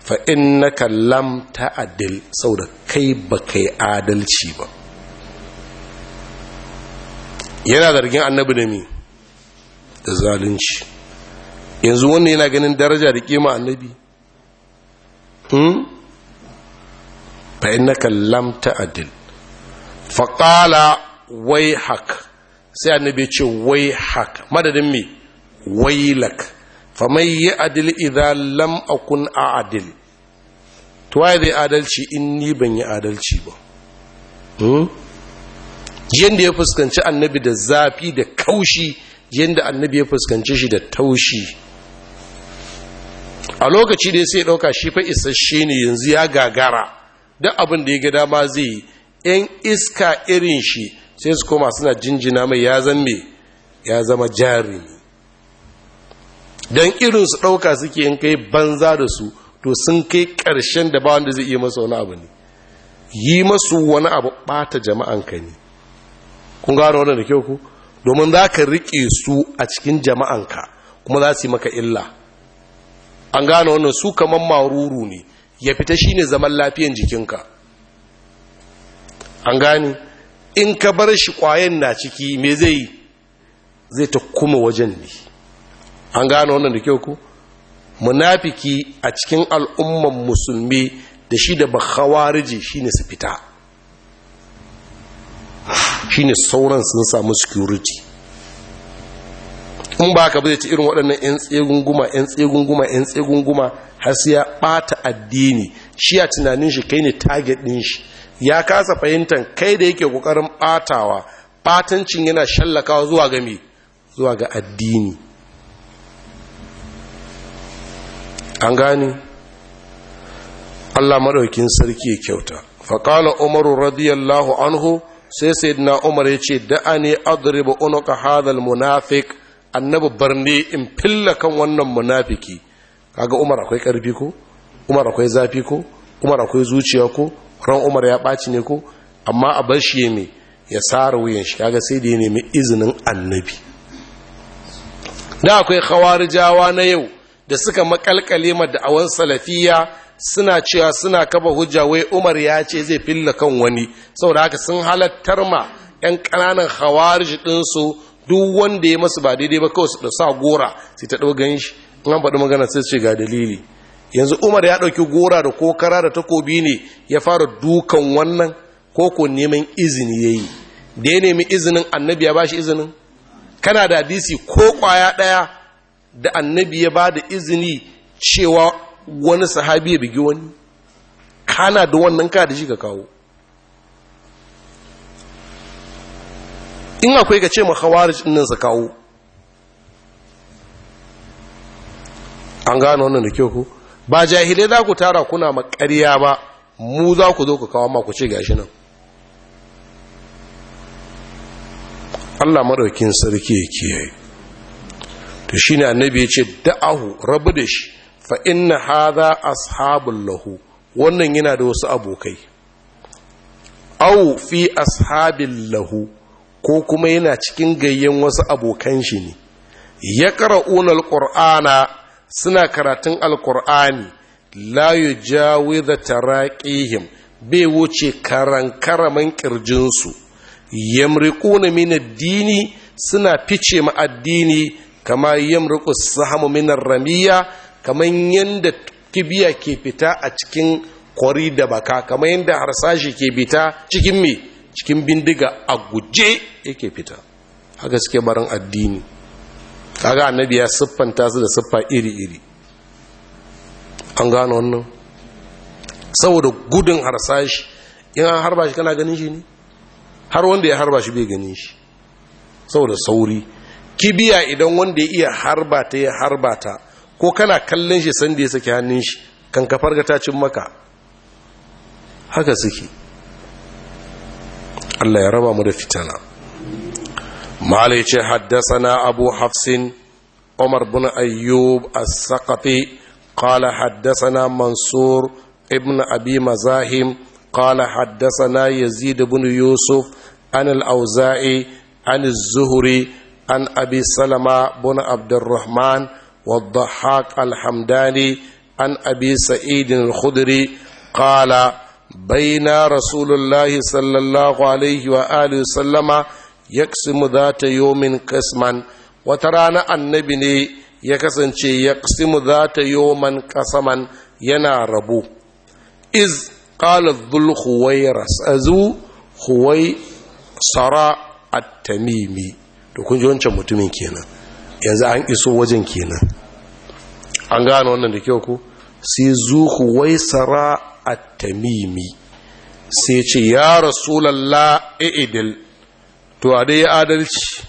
fa innaka lam ta'dil saboda kai ba kai adalci ba yana zargin annabi da mi da zalunci yanzu wanda yana ganin daraja da kima annabi hmm fa innaka lam ta'dil fa qala wai hak sai annabi ce wai hak madadin mi wailak faman yi adil idan lam akun a adil to waye zai adalci in ni ban yi adalci ba hmm? yadda ya fuskanci annabi da zafi da kaushi yadda annabi ya fuskanci shi da taushi a lokaci da sai ɗauka shi fa isasshe ne yanzu ya gagara don abin da ya ga ma zai yi ‘yan iska irin shi sai su koma suna jinjina mai ya zama ya zama jarumi don su ɗauka suke yin kai banza da su to sun kai ƙarshen da ba wanda zai iya masa wani abu ne yi masu wani abu ɓata jama'an ne kun gano wannan da kyau ku domin za ka riƙe su a cikin jama'anka kuma za su yi maka illa an gano wannan su kamar maruru ne ya fita shi ne zaman lafiyan jikinka an gane in ka bar shi kwayan na ciki me zai zai ta kuma wajen ne an gano wannan da kyau ku munafiki a cikin al'umman musulmi da shi da bakhawariji shine su fita shine sauran sun samu security in ba ka bude ci irin waɗannan 'yan tsegunguma 'yan tsegunguma 'yan tsegunguma har su ya ɓata addini shi a tunanin shi kai ne target ɗin shi ya kasa fahimtar kai da yake ƙoƙarin ɓatawa ɓatancin yana shallakawa zuwa game, zuwa ga addini an gani Allah maɗaukin sarki kyauta faƙala umaru radiyallahu anhu sai sayyidina umar ya ce da'a ne adribu unuka hadal munafik annabi barne in filla kan wannan munafiki kaga umar akwai karfi ko umar akwai zafi ko umar akwai zuciya ko ran umar ya ɓaci ne ko amma a bar shi ne ya sara wuyan shi kaga sai da ya nemi izinin annabi da akwai khawarijawa na yau da suka makalkale ma da'awan salafiya suna cewa suna kafa hujja wai umar ya ce zai filla kan wani saboda haka sun halattar ma 'yan ƙananan hawarij ɗinsu duk wanda ya masu ba daidai ba kawai su da sa gora sai ta ɗaukan shi in an faɗi magana sai ce ga dalili yanzu umar ya ɗauki gora da ko da takobi ne ya fara dukan wannan ko ko neman izini ya yi da ya nemi izinin annabi ya ba shi izinin kana da hadisi ko kwaya ɗaya da annabi ya ba da izini cewa wani sahabi ya bigi wani kana da wannan ka da shi ka kawo in akwai ka ce ma khawarij ɗin nan su kawo an gano wannan da kyau ko ba jahilai za ku tara kuna makariya ba mu za ku zo ku kawo ma ku ce gashi nan Allah maɗaukin sarki ya kiyaye to shine annabi ya ce da'ahu rabu da shi fa inna hadha ashabul lahu wannan yana da wasu abokai au fi ashabil lahu ko kuma yana cikin gayyen wasu abokan shi ne ya ƙara'un alƙur'ana suna karatun alƙur'ani la yu jawi da taraƙihim bai wuce karan karaman ƙirjinsu yamriƙuna min addini suna fice ma addini kama riƙo sahamu minar ramiya kaman yanda kibiya ke fita a cikin kwari da baka kamar yanda harsashi ke fita cikin me cikin bindiga a guje yake fita haka suke barin addini kaga annabi ya siffanta su da siffa iri-iri an gano wannan saboda gudun harsashi in an harba shi kana ganin shi ne har wanda ya harba shi bai ganin shi saboda sauri kibiya idan wanda ya iya harba ta ya harba ta ko kana kallon shi sanda ya saki hannun shi kan ka farga tacin maka haka suke Allah ya raba mu da fitana malai ce haddasana abu hafsin umar bin ayyub as kala qala haddasana mansur ibn abi mazahim qala haddasana yazid bin yusuf an al-auza'i an az an abi salama bin abdurrahman والضحاك الحمداني عن أبي سعيد الخدري قال بين رسول الله صلى الله عليه وآله وسلم يقسم ذات يوم قسما وترانا النبي ne ya kasance ya ƙasimu za ta yoman ƙasaman yana rabu iz ƙala zul huwai to kun ji wancan mutumin kenan yanzu an iso wajen kenan an gane wannan da kyau ku sai zuhu wai sara at-tamimi sai ce ya rasulallah i'dil to a dai adalci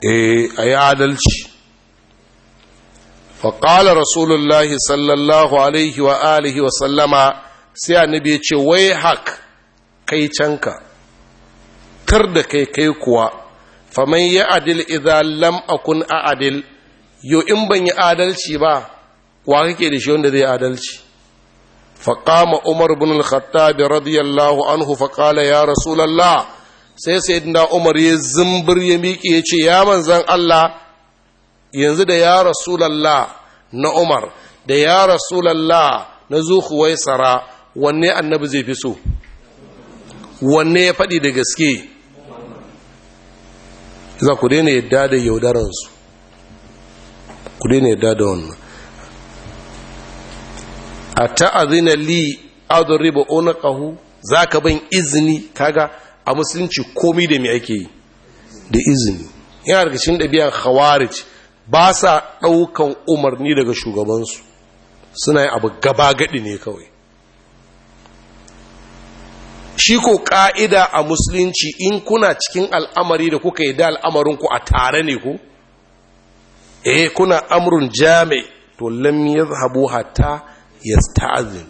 eh ayi adalci faƙalar rasulullah sallallahu alaihi wa alihi wa sallama sai annabi ya ce wai hak kai canka tar da kai kai kuwa faman ya adil idan lam akun a adil yo in ban yi adalci ba wa kake da shi wanda zai adalci faƙama umar bin al khattabi radiyallahu anhu faƙala ya rasulallah sai sayyidina umar ya zumbir ya miƙe ya ce ya manzan allah yanzu da ya rasulallah na umar da ya rasulallah na zuhuwai tsara wanne annabi zai fi so wanne ya faɗi da gaske za ku daina yadda da yaudaransu ku daina yadda da wannan a ta'azina li Kahu, unqahu zaka ban izini kaga a musulunci komai da me ake yi da izini Ina daga cikin dabi'an khawarij ba sa daukan umarni daga shugabansu suna yin abu gaba gadi ne kawai shi ko ƙa'ida a musulunci in kuna cikin al'amari da kuka yi da al'amarinku a tare ne ku eh kuna amrun jami to lam hata hatta yasta'zin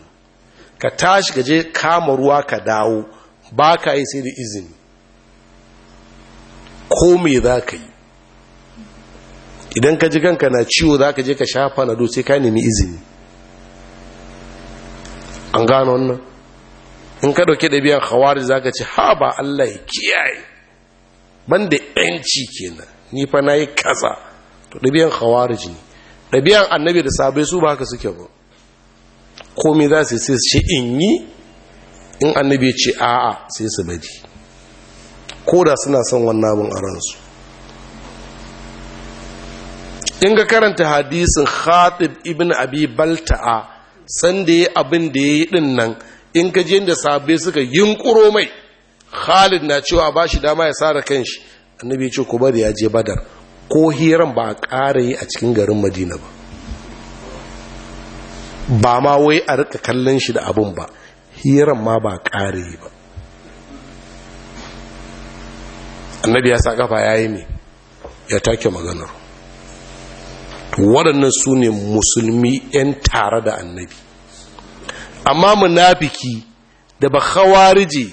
ka tashi ka kama ruwa ka dawo ba ka yi sai da izini ko me za ka yi idan ka ji kanka na ciwo za ka je ka shafa na sai ka nemi izini an gano wannan in ka ɗauki ɗabi'an biyan za zaka ce ha ba Allah ya kiyaye ban da ‘yanci kenan ni fa na yi kaza to ɗabi'an hawari ne ɗabi'an annabi da sabai su ba haka suke ba komai za su sai ce in yi in annabi ce a'a sai su bari ko da suna son wannan abin a su in ga karanta hadisin khatib ibn abi balta'a sanda ya abin da ya yi din nan in ka je inda sahabbai suka yinƙuro mai Khalid na cewa ba shi dama ya sare kanshi annabi ya ce ku bari ya je Badar ko hiran ba a ƙara yi a cikin garin Madina ba ba ma wai a rika kallon shi da abun ba hiran ma ba ƙara yi ba annabi ya sa kafa ya yi ne ya take maganar waɗannan su ne musulmi 'yan tare da annabi amma munafiki da ba khawarije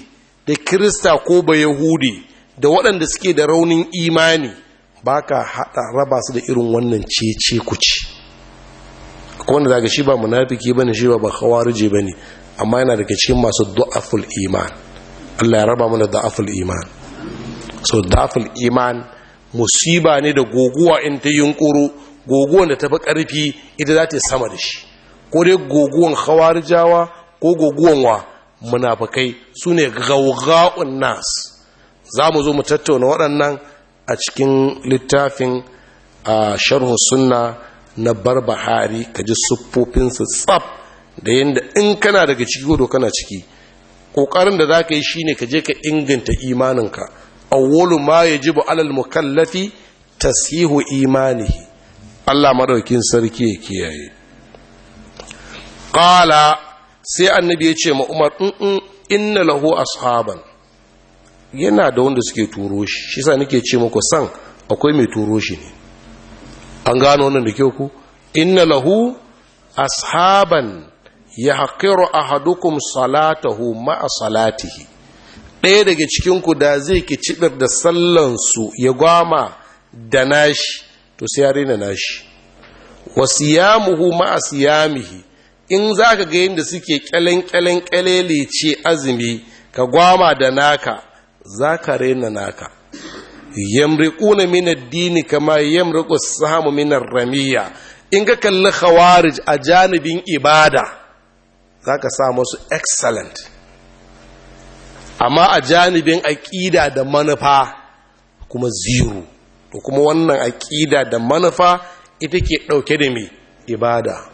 da kirista ko ba yahudi da waɗanda suke da raunin imani ba ka haɗa raba su da irin wannan cece kuci wanda daga shi ba munafiki ne shi ba ba ne. bane amma yana daga cikin masu du'aful iman Allah ya raba mana du'aful iman so du'aful iman musiba ne da goguwa in ta yunkuru guguwan da ta tafi karfi ita za ta sama da shi ko dai goguwan hawarijawa ko goguwan wa munafikai sune gawga'un nas Za mu zo mu tattauna waɗannan a cikin littafin a sharhu sunna na barbahari kaji siffofinsu tsaf da yadda in kana daga ciki ko kana ciki ƙoƙarin da za ka yi shine ka je ka inganta imaninka awwalu ma ya ji bu alal mukallafi tasihu imanihi Allah maɗaukin sarki ya kiyaye ƙala sai annabi ya ce ma umar inna lahu ashaban yana da wanda suke turo shi shi sa nake ce muku san akwai mai turo shi ne an gano wannan da kyau ku inna lahu ashaban ya haƙiru ahadukum salatahu ma'a salatihi ɗaya daga cikinku da zai ki cibir da sallansu ya gwama da nashi to sai ya rena nashi wa yamuhu ma'a siyamihi in za ka ga yadda suke kyalen kyalen kyalele ce azumi ka gwama da naka za ka rena naka yamriquna na ad-dini kama yamriqu as-sahamu ramiya in ka kalli khawarij a janibin ibada za ka sa su excellent amma a janibin aƙida da manufa kuma zero kuma wannan aƙida da manufa ita ke ɗauke da mai ibada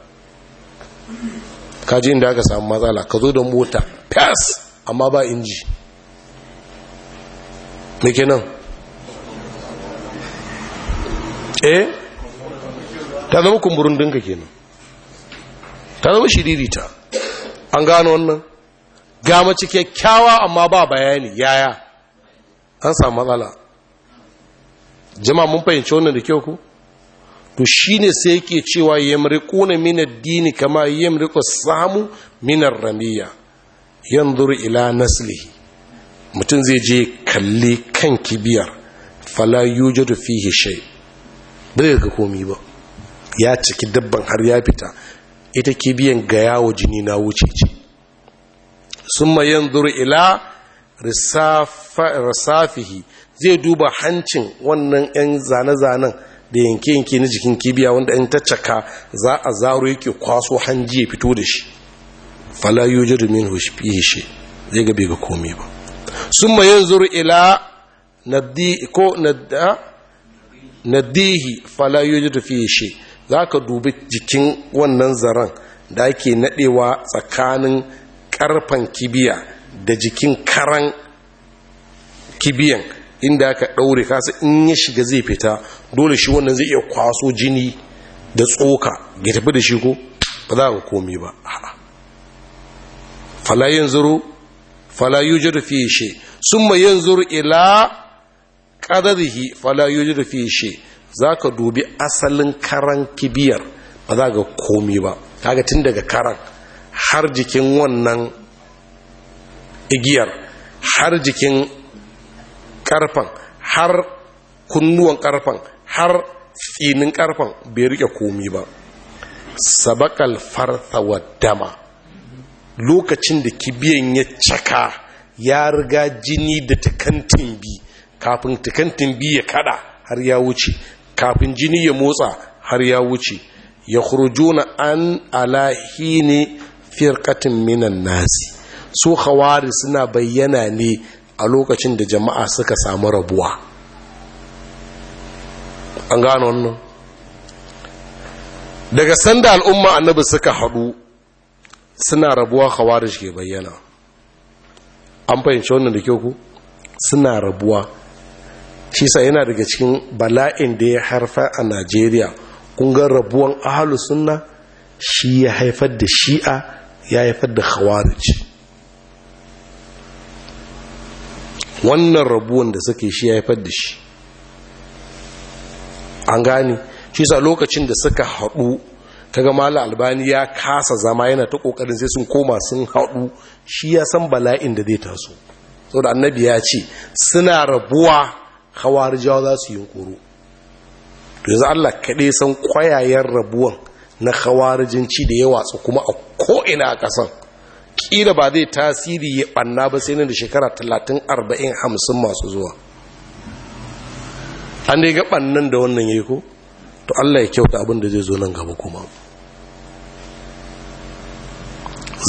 kaji inda aka samu matsala ka zo da mota pass amma ba inji nake nan eh ta zama kumburin dinka kenan ta zama shiririta an gano wannan gama kyakkyawa amma ba bayani yaya an samu matsala jama'a mun fahimci wannan da kyau ku to shine sai yake cewa yamriquna min ad dini kama yamriqu samu min ar-ramiya yanzur ila naslihi mutum zai je kalle kan kibiyar fala yujadu fihi shay bai ga komai ba ya ciki dabban har ya fita ita kibiyan ga yawo jini na wuce ce summa yanzur ila risafihi zai duba hancin wannan yan zane-zanen da yanke-yanke na jikin kibiya wanda in ta caka za a zaro yake kwaso hanji ya fito da shi fala yujiru hushe shi zai ga ga komai ba summa yanzuru ila ko nadda naddihi fala yujiru fihi shi ka dubi jikin wannan zaren da ake nadewa tsakanin karfan kibiya da jikin karan kibiyan inda aka ɗaure kasa in ya shiga zai fita dole shi wannan zai iya kwaso jini da tsoka ya tafi da shi ko ba za ka komi ba fala yin zuru fala yi jiru fiye shi sun ma yin zuru ila ƙadarihi fala yi jiru fiye shi za ka dubi asalin karan kibiyar ba za ka komi ba kaga tun daga karan har jikin wannan igiyar har jikin karfan har kunnuwan karfan har tsinin karfan bai rike komi ba sabakal fartha wa dama lokacin da kibiyan ya caka ya riga jini da tukantin bi kafin tukantin bi ya kada har ya wuce kafin jini ya motsa har ya wuce ya na an alahini firkatin minan nasi su hawari suna bayyana ne a lokacin da jama'a suka samu rabuwa an gano wannan daga sanda al'umma annabi suka haɗu suna rabuwa khawarij ke bayyana an fahimci wannan da kyau ku suna rabuwa shi sa yana daga cikin bala'in da ya harfa a najeriya kungar rabuwan ahalusunna shi ya haifar da shi'a ya haifar da khawarij wannan rabuwan da suke shi ya haifar da shi an gane shi sa lokacin da suka haɗu kaga mala albani ya kasa zama yana ta ƙoƙarin sai sun koma sun haɗu shi ya san bala'in da zai taso saboda annabi ya ce suna rabuwa hawarijawa za su yi koro to yanzu Allah kaɗai san kwayayen rabuwan na hawarijinci da yawa watsa kuma a ko'ina a ƙasan kila ba zai tasiri ya ɓanna ba sai nan da shekara talatin arba'in hamsin masu zuwa an dai ga nan da wannan ya yi ko to Allah ya kyauta abin da zai zo nan gaba kuma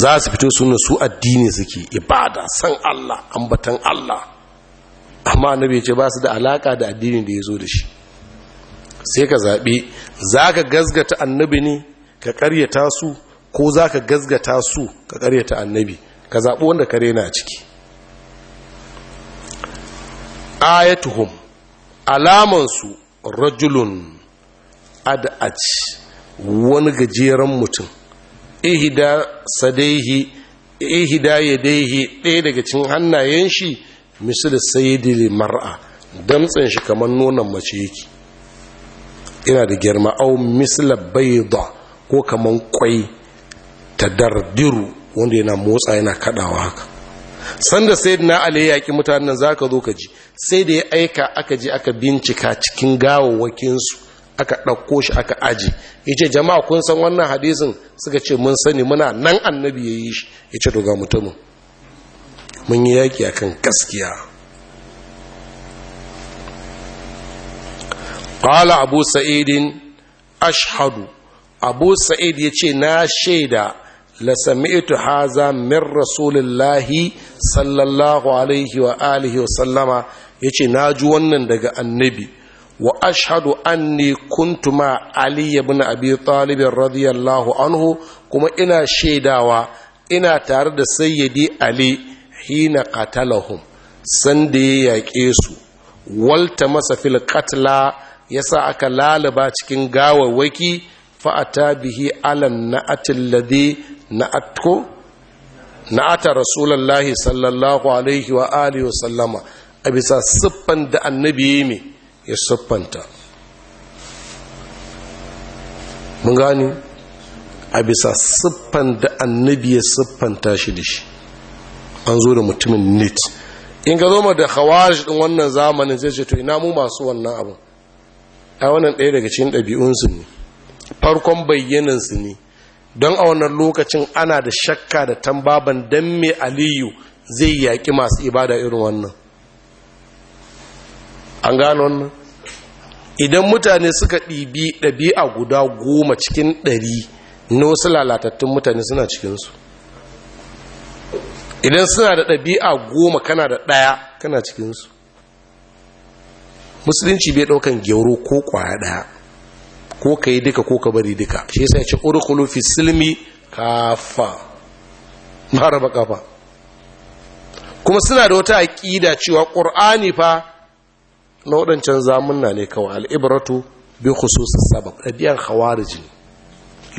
za su fito suna su addini suke ibada san Allah ambatan Allah amma na ya ce ba su da alaka da addini da ya zo da shi sai ka zaɓe za ka gazgata annabi ne ka karyata su ko za ka gazgata su ka ta annabi ka zaɓi wanda ka rena a ciki ayatuhum alamansu rajulun ad'aj wani gajeren mutum ihida sadaihi ihida yadaihi ɗaya daga cikin hannayen shi misal sayyidil mar'a damtsan shi kamar nonon mace yake yana da girma au misla baida ko kamar kwai tadardiru wanda yana motsa yana kadawa haka sanda sayyidina ali ya ki mutanen zaka zo ka ji sai da ya aika aka je aka bincika cikin gawawakin su aka ɗauko shi aka aji yace jama'a kun san wannan hadisin suka ce mun sani muna nan annabi yayi shi yace to ga mutumin mun yi yaki akan gaskiya qala abu sa'idin ashhadu abu sa'id yace na shaida la sami'tu haza min rasulillahi sallallahu alaihi wa alihi wa sallama yace naji wannan daga annabi wa ashhadu anni kuntu ma ali ibn abi talib radiyallahu anhu kuma ina shaidawa ina tare da sayyadi ali hina qatalahum san da ya yaƙe su walta masa fil qatla yasa aka lalaba cikin gawawwaki fa'ata bihi alan na'atil ladhi atko na na'ata rasulullahi sallallahu alaihi wa alihi wa sallama a bisa siffan da annabi ya mai ya siffanta mun gani a bisa siffan da annabi ya siffanta shi da shi an zo da mutumin nit in ga zo da khawarij din wannan zamanin zai ce to ina mu masu wannan abu a wannan ɗaya daga cikin ɗabi'unsu ne farkon bayyanansu ne don a wannan lokacin ana da shakka da tambaban don mai aliyu zai yaƙi masu ibada irin wannan an gano wannan idan mutane suka ɗibi ɗabi'a guda goma cikin ɗari na wasu lalatattun mutane suna cikinsu idan suna da ɗabi'a goma kana da ɗaya kana cikinsu musulunci bai ɗaukan gyauro ko ƙwaya ɗaya ko ka yi duka ko ka bari duka shi sai ya ce urkulu fi silmi kafa maraba kafa kuma suna da wata aƙida cewa ƙur'ani fa na waɗancan zamunna ne kawai al'ibratu bi khususus sabab ɗabi'ar khawarij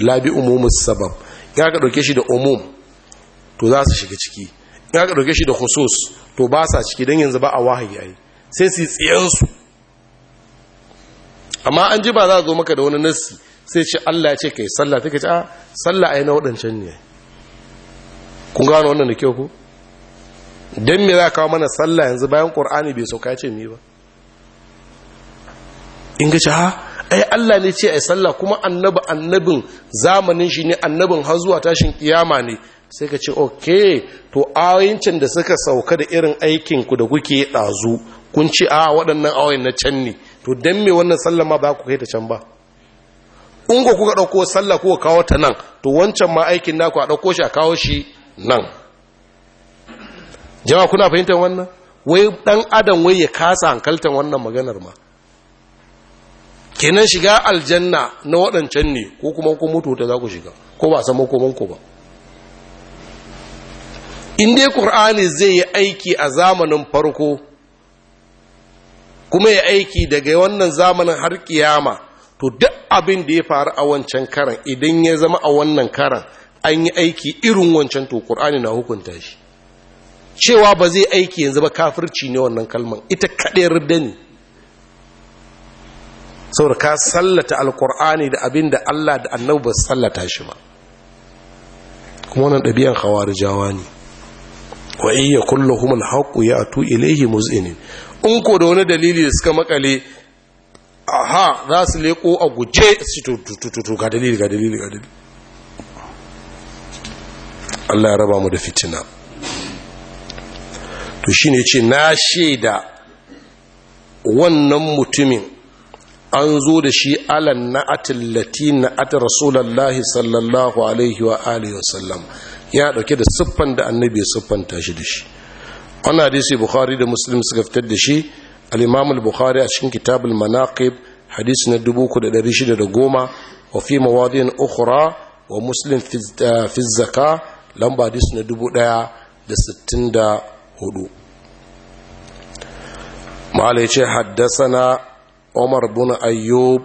la bi umumus sabab ya ka ɗauke shi da umum to za su shiga ciki ya ka ɗauke shi da khusus to ba sa ciki don yanzu ba a wahayi ai sai su yi tsiyansu amma an ji ba za a zo maka da wani nassi sai ce Allah ya ce kai sallah take ce a ah, sallah ai na wadancan ne kun gano wannan da kyau ku dan me za ka kawo mana sallah yanzu bayan qur'ani bai sauka ce mi ba in ga ce ha ah, ai Allah ne ce ai sallah kuma annabi annabin zamanin shi ne annabin har zuwa tashin kiyama ne sai ka ce okay to ayoyin da suka sauka da irin aikin ku da kuke dazu kun ce a ah, waɗannan ayoyin na can ne to don me wannan sallah ma ba ku kai ta can ba in ku kuka ɗauko sallah ko kawo ta nan to wancan ma aikin naku a ɗauko shi a kawo shi nan jama kuna fahimtar wannan wai ɗan adam wai ya kasa hankaltar wannan maganar ma kenan shiga aljanna na waɗancan ne ko kuma ku mutu ta za ku shiga ko ba san ku ba in dai ƙur'ani zai yi aiki a zamanin farko kuma ya aiki daga wannan zamanin har kiyama to duk abin da ya faru a wancan karan idan ya zama a wannan karan an yi aiki irin wancan to qur'ani na hukunta shi cewa ba zai aiki yanzu ba kafirci ne wannan kalman ita kaɗai rida ne saboda ka sallata alkur'ani da abin da allah da annabu ba sallata shi ba kuma wannan ɗabi'an hawar jawa ne wa iya kullum ya tu ilaihi muzinin in ko da wani dalili da suka makale aha za su leko a guje su ga dalili ga dalili ga dalili Allah ya raba mu da fitina to shi ne ce na shaida wannan mutumin an zo da shi alan na'atin latin na'atin rasulallahi sallallahu alaihi wa alihi wasallam ya dauke da siffan da annabi siffanta shi da shi wannan hadisi bukhari da muslim suka fitar da shi al-imam bukhari a cikin kitab al-manaqib hadisi na 3610 wa fi mawadin ukhra wa muslim fi eh, zaka lamba hadisi na 1164 ma'ala yace haddathana umar bin ayyub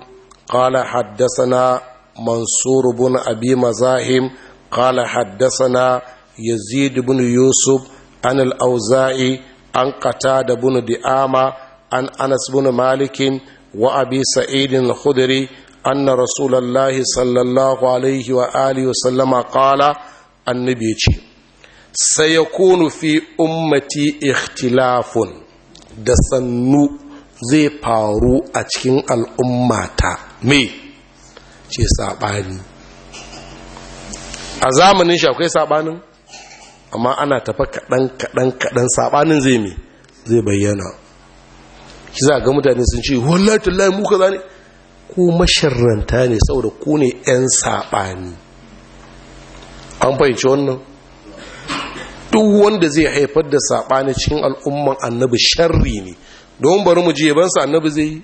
qala haddathana mansur bin abi mazahim qala haddathana yazid bin yusuf an auzai an qatada bin di'ama an anas bin malikin wa abi sa'id al-khudri anna rasulullahi sallallahu alaihi wa alihi wa sallama qala annabi ce sayakunu fi ummati ikhtilafun da sannu zai faru a cikin al'ummata me ce saɓani a zamanin shi akwai saɓanin amma ana tafa kaɗan kaɗan kaɗan saɓanin zai mai zai bayyana shi za ga mutane sun ce wallahi tallahi mu kaza ne ku masharanta ne saboda ku ne yan saɓani an fahimci wannan duk wanda zai haifar da saɓani cikin al'umman annabi sharri ne don bari mu je ban annabi zai yi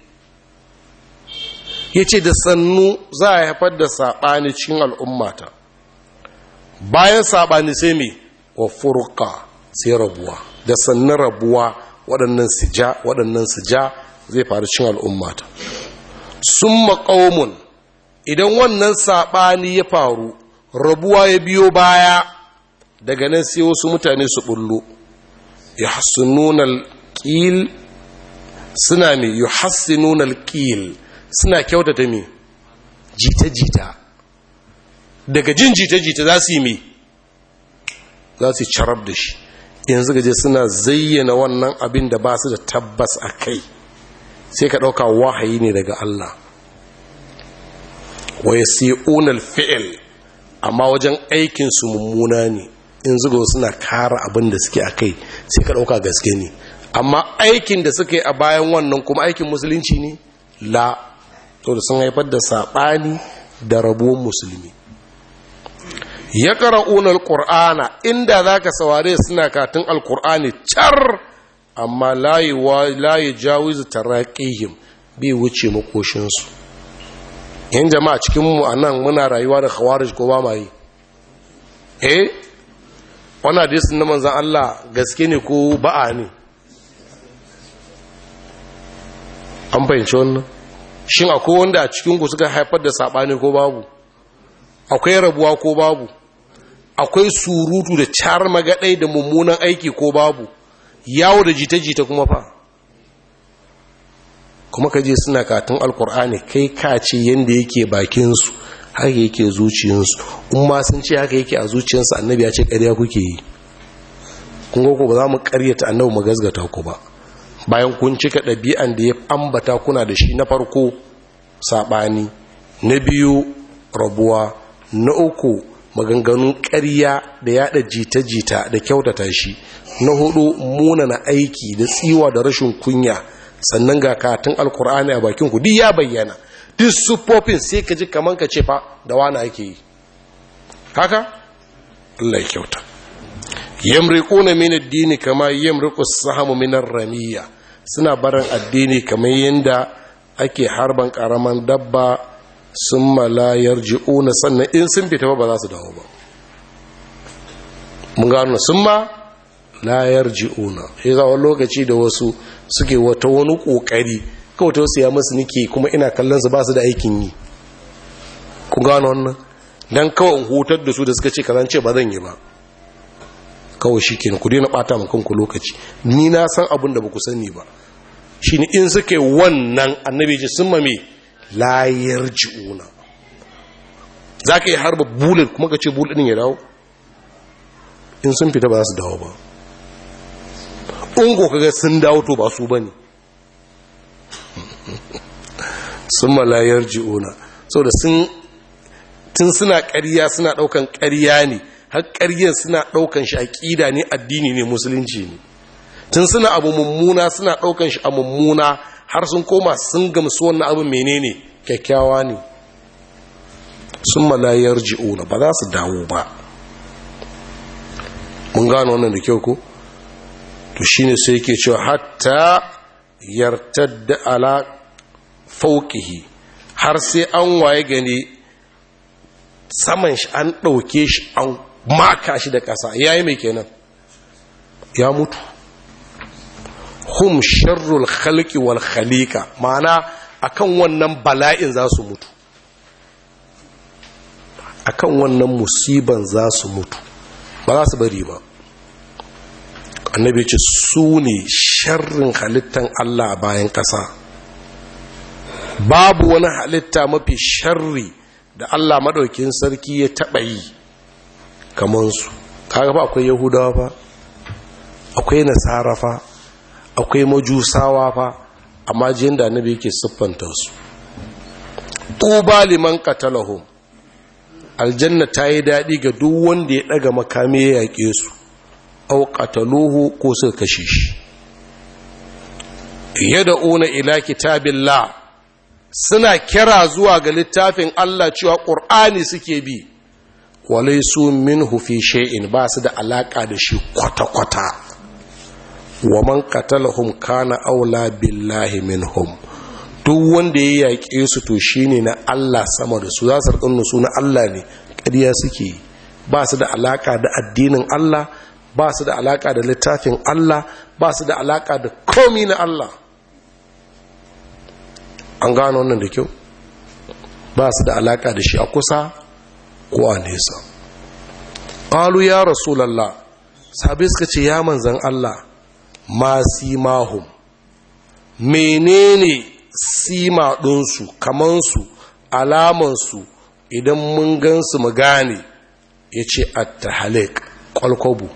ya ce da sannu za a haifar da saɓani cikin al'ummata bayan saɓani sai mai wa furqa sai rabuwa da sannan rabuwa waɗannan su ja waɗannan su zai faru cin al'ummata sun maƙaumun idan wannan saɓani ya faru rabuwa ya biyo baya daga nan sai wasu mutane su ɓullo ya nuna ƙil suna mai ya nuna ƙil suna kyautata mai jita-jita daga jin jita-jita za su yi mai za su carab da shi yanzu gaje suna zayyana wannan abin da ba su da tabbas a kai sai ka ɗauka wahayi ne daga Allah wa ya unal fi'il amma wajen aikin su mummuna ne in zuga suna kara abin da suke a kai sai ka ɗauka gaske ne amma aikin da suka a bayan wannan kuma aikin musulunci ne la to da sun haifar da saɓani da rabuwan musulmi ya ƙara'unar ƙur'ana inda za ka saware suna katin alƙur'ani car amma layi jawizu taraƙihim bai wuce makoshinsu yan jama'a cikinmu a nan muna rayuwa da khawarij ko ba ma yi eh wana da yasin na manzan Allah gaske ne ko ba'a ne an fahimci wannan shin akwai wanda a cikinku suka haifar da saɓani ko babu akwai rabuwa ko babu akwai surutu da char magadai da mummunan aiki ko babu yawo da jita-jita kuma fa kuma ka je suna katin alkur'ani kai ka ce yadda yake bakinsu haka yake zuciyarsu in ma sun ce haka yake a zuciyarsu annabi ya ce ƙarya kuke yi kun ko ba za mu ƙaryata annabi mu gazgata ku ba bayan kun cika ɗabi'an da ya ambata kuna da shi na farko saɓani na biyu rabuwa na uku maganganun ƙarya da yada jita-jita da kyautata shi na hudu munana aiki da tsiwa da rashin kunya sannan ga katin alkur'ani a bakin ku duk ya bayyana duk siffofin sai ka ji kaman ka ce fa da wani ake yi haka Allah ya kyauta yamriquna min mini dini kama yamriku sahamu min ramiyya suna barin addini kamar yadda ake harban karaman dabba sun malayar ji'una sannan in sun fita ba za su dawo ba mun gano sun ma layar ji'una ya zawo lokaci da wasu suke wata wani ƙoƙari kawai ta wasu ya musu nike kuma ina kallon su ba su da aikin yi kun gano wannan don kawai hutar da su da suka ce kazance ba zan yi ba kawai shi kenan ku daina ɓata ma kanku lokaci ni na san abin da ba ku sani ba shi in suke wannan annabi ji sun mame la yarji'una za ka yi harba bullet kuma ka ce bullet din ya dawo in sun fita ba za su dawo ba ungo kaga sun dawo to ba su ba ne sun malayar ji'una sau da sun tun suna ƙarya suna ɗaukan ƙarya ne har ƙaryar suna ɗaukan shi aƙida ne addini ne musulunci ne tun suna abu mummuna suna ɗaukan shi a mummuna har sun koma sun gamsu wannan abin menene kyakkyawa ne sun malayar ji'una ba za su dawo ba mun gano wannan da kyau ko to shine sai ke cewa hatta yartar da ala fauƙihi har sai an waye gani saman shi an ɗauke shi an maka shi da ƙasa ya yi mai kenan ya mutu hum sharrul khalqi wal khaliqa ma'ana akan wannan bala'in za su mutu akan wannan musiban za su mutu ba za su bari ba annabi ce su ne sharrin halittan Allah bayan ƙasa babu wani halitta mafi sharri da Allah maɗaukin sarki ya taɓa yi kamansu kaga ba akwai yahudawa ba akwai nasara fa akwai majusawa fa amma jiyan da annabi yake siffanta su tuba liman qatalahum aljanna ta yi daɗi ga duk wanda ya ɗaga makami ya yaƙe su au qataluhu ko suka kashe shi una ila kitabillah suna kira zuwa ga littafin Allah cewa ƙur'ani suke bi walai su min hufi sha'in ba su da alaƙa da shi kwata-kwata wa man qatalahum kana aula billahi minhum duk wanda ya yaƙe su to shine na Allah sama da su za su rikin nusu na Allah ne ƙarya suke ba su da alaka da addinin Allah ba su da alaka da littafin Allah ba su da alaka da komi na Allah an gano wannan da kyau ba su da alaka da shi a kusa ko a nesa ƙalu ya rasulallah sahabi suka ce ya manzan Allah ma menene sima ɗinsu kamansu alamansu idan mun gansu mu gane ya ce attahalik kwalkwabu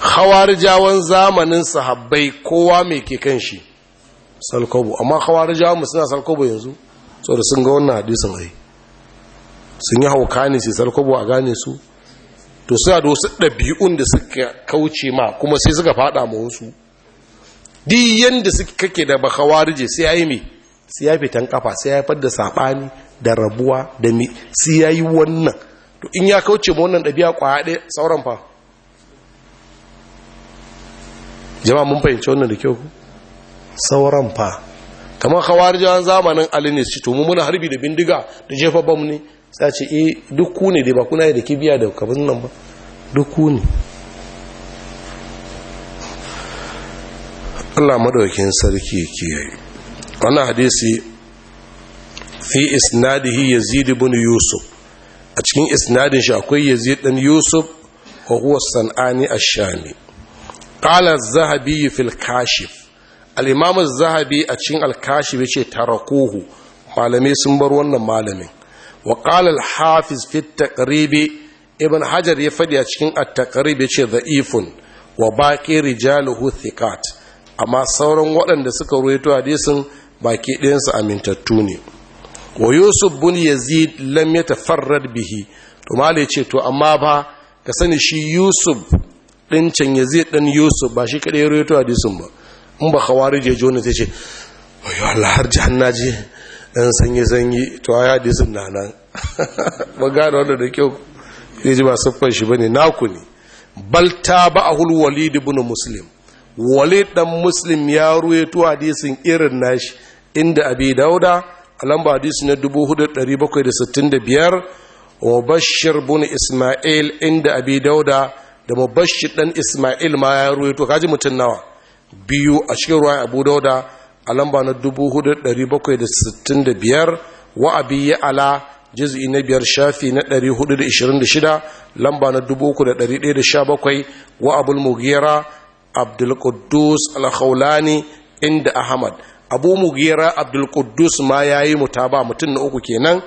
hawar jawon zamanin sahabbai kowa mai ke kan shi salkwabu amma hawar jawon suna salkwabu yanzu tsoro sun ga wannan hadisun ai sun yi hauka ne sai salkwabu a gane su to sai da dosu ɗabi'un da suka kauce ma kuma sai suka fada ma wasu duk yadda suke kake da baka hawarije sai ya yi mai sai ya fitan kafa sai ya haifar da saɓani da rabuwa da mai sai ya yi wannan to in ya kauce ma wannan ɗabi'a kwaya ɗaya sauran fa jama'a mun fahimci wannan da kyau ku sauran fa kamar hawarijawan zamanin alinis to mu muna harbi da bindiga da jefa bam ne sai ce e, duk ku ne dai ba kuna da kibiya da kabin nan ba duk ku ne Allah madaukin sarki kiyaye wannan hadisi fi isnadihi yazid ibn yusuf a cikin isnadin shi akwai yazid dan yusuf wa huwa sanani ash-shami qala az-zahabi al kashif al-imam az-zahabi a cikin al-kashif yace tarakuhu malamai sun bar wannan malamin wa hafiz fi at ibn hajar ya faɗi a cikin at-taqrib yace da'ifun wa baqi rijaluhu thiqat amma sauran waɗanda suka ruwaito hadisin baki ɗayansu amintattu ne wa yusuf bin yazid lam yatafarrad bihi to malai ce to amma ba ka sani shi yusuf ɗin can yazid ɗin yusuf bashi shi kaɗai ya ruwaito hadisin ba in ba khawarij ya jona ta ce wayo Allah har jahannaji ɗan sanyi-sanyi to a ya sun na nan [LAUGHS] magana wanda da kyau ya ji ba siffar shi ba ne naku ne balta ba a hulwali da bunu muslim Walid ɗan muslim ya ruwaito hadisin irin nashi inda abi dauda a lamba hadisi na 4765 wa bashir bunu ismail inda abi dauda da mubashir ɗan ismail ma ya ruwaito kaji mutum nawa biyu a cikin ruwan abu dauda a lamba na 4765 wa abi ya ala juz'i na biyar shafi na 426 lamba na 3117 wa abul mugira abdul quddus al khawlani inda ahmad abu mugira abdul quddus ma yayi mutaba mutum na uku kenan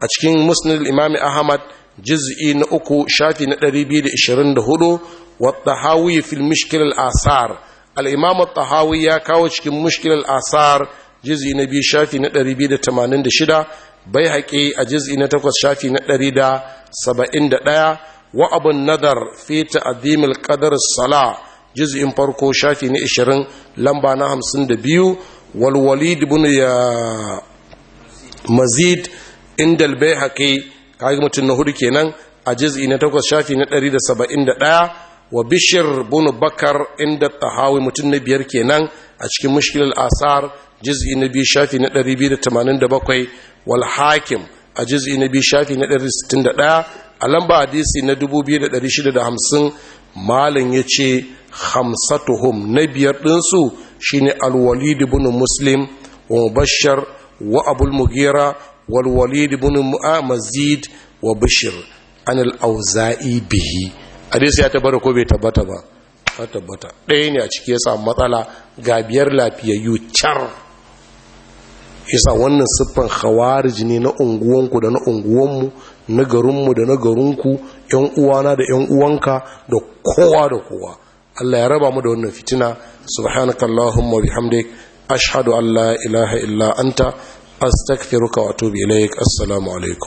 a cikin musnad imami ahmad juz'i na uku shafi na 224 wa tahawi fil mishkil al asar al'imam tahawi ya kawo cikin mushkilar asar jizi na biyu shafi na 286 bai haƙi a jizi na takwas shafi na 171 wa abun nadar fi ta'adimil qadar sala juz'in farko shafi na 20 lamba na 52 wal walid ibn ya mazid indal bai haƙi kaga mutum na hudu kenan a juz'i na takwas shafi na wa bishir bunu bakar inda tahawi mutum na biyar kenan a cikin mushkilar asar jiz'i na biyu shafi na 287 wal hakim a jiz'i na biyu shafi na 161 a lamba hadisi na 2650 malin ya ce hamsatuhum na biyar ɗinsu shine alwalid bunu muslim wa bashar wa abul mugira wal bunu bin mazid wa bishir an al-auza'i bihi hadisi ya tabbata ko bai tabbata ba ta tabbata ɗaya ne a ciki ya samu matsala ga biyar lafiyayyu car yasa wannan siffan khawarij ne na unguwanku da na unguwanmu na garinmu da na garinku yan uwana da yan uwanka da kowa da kowa Allah ya raba mu da wannan fitina subhanakallahumma bihamdik ashhadu an la ilaha illa anta astaghfiruka wa atubu ilaik assalamu alaikum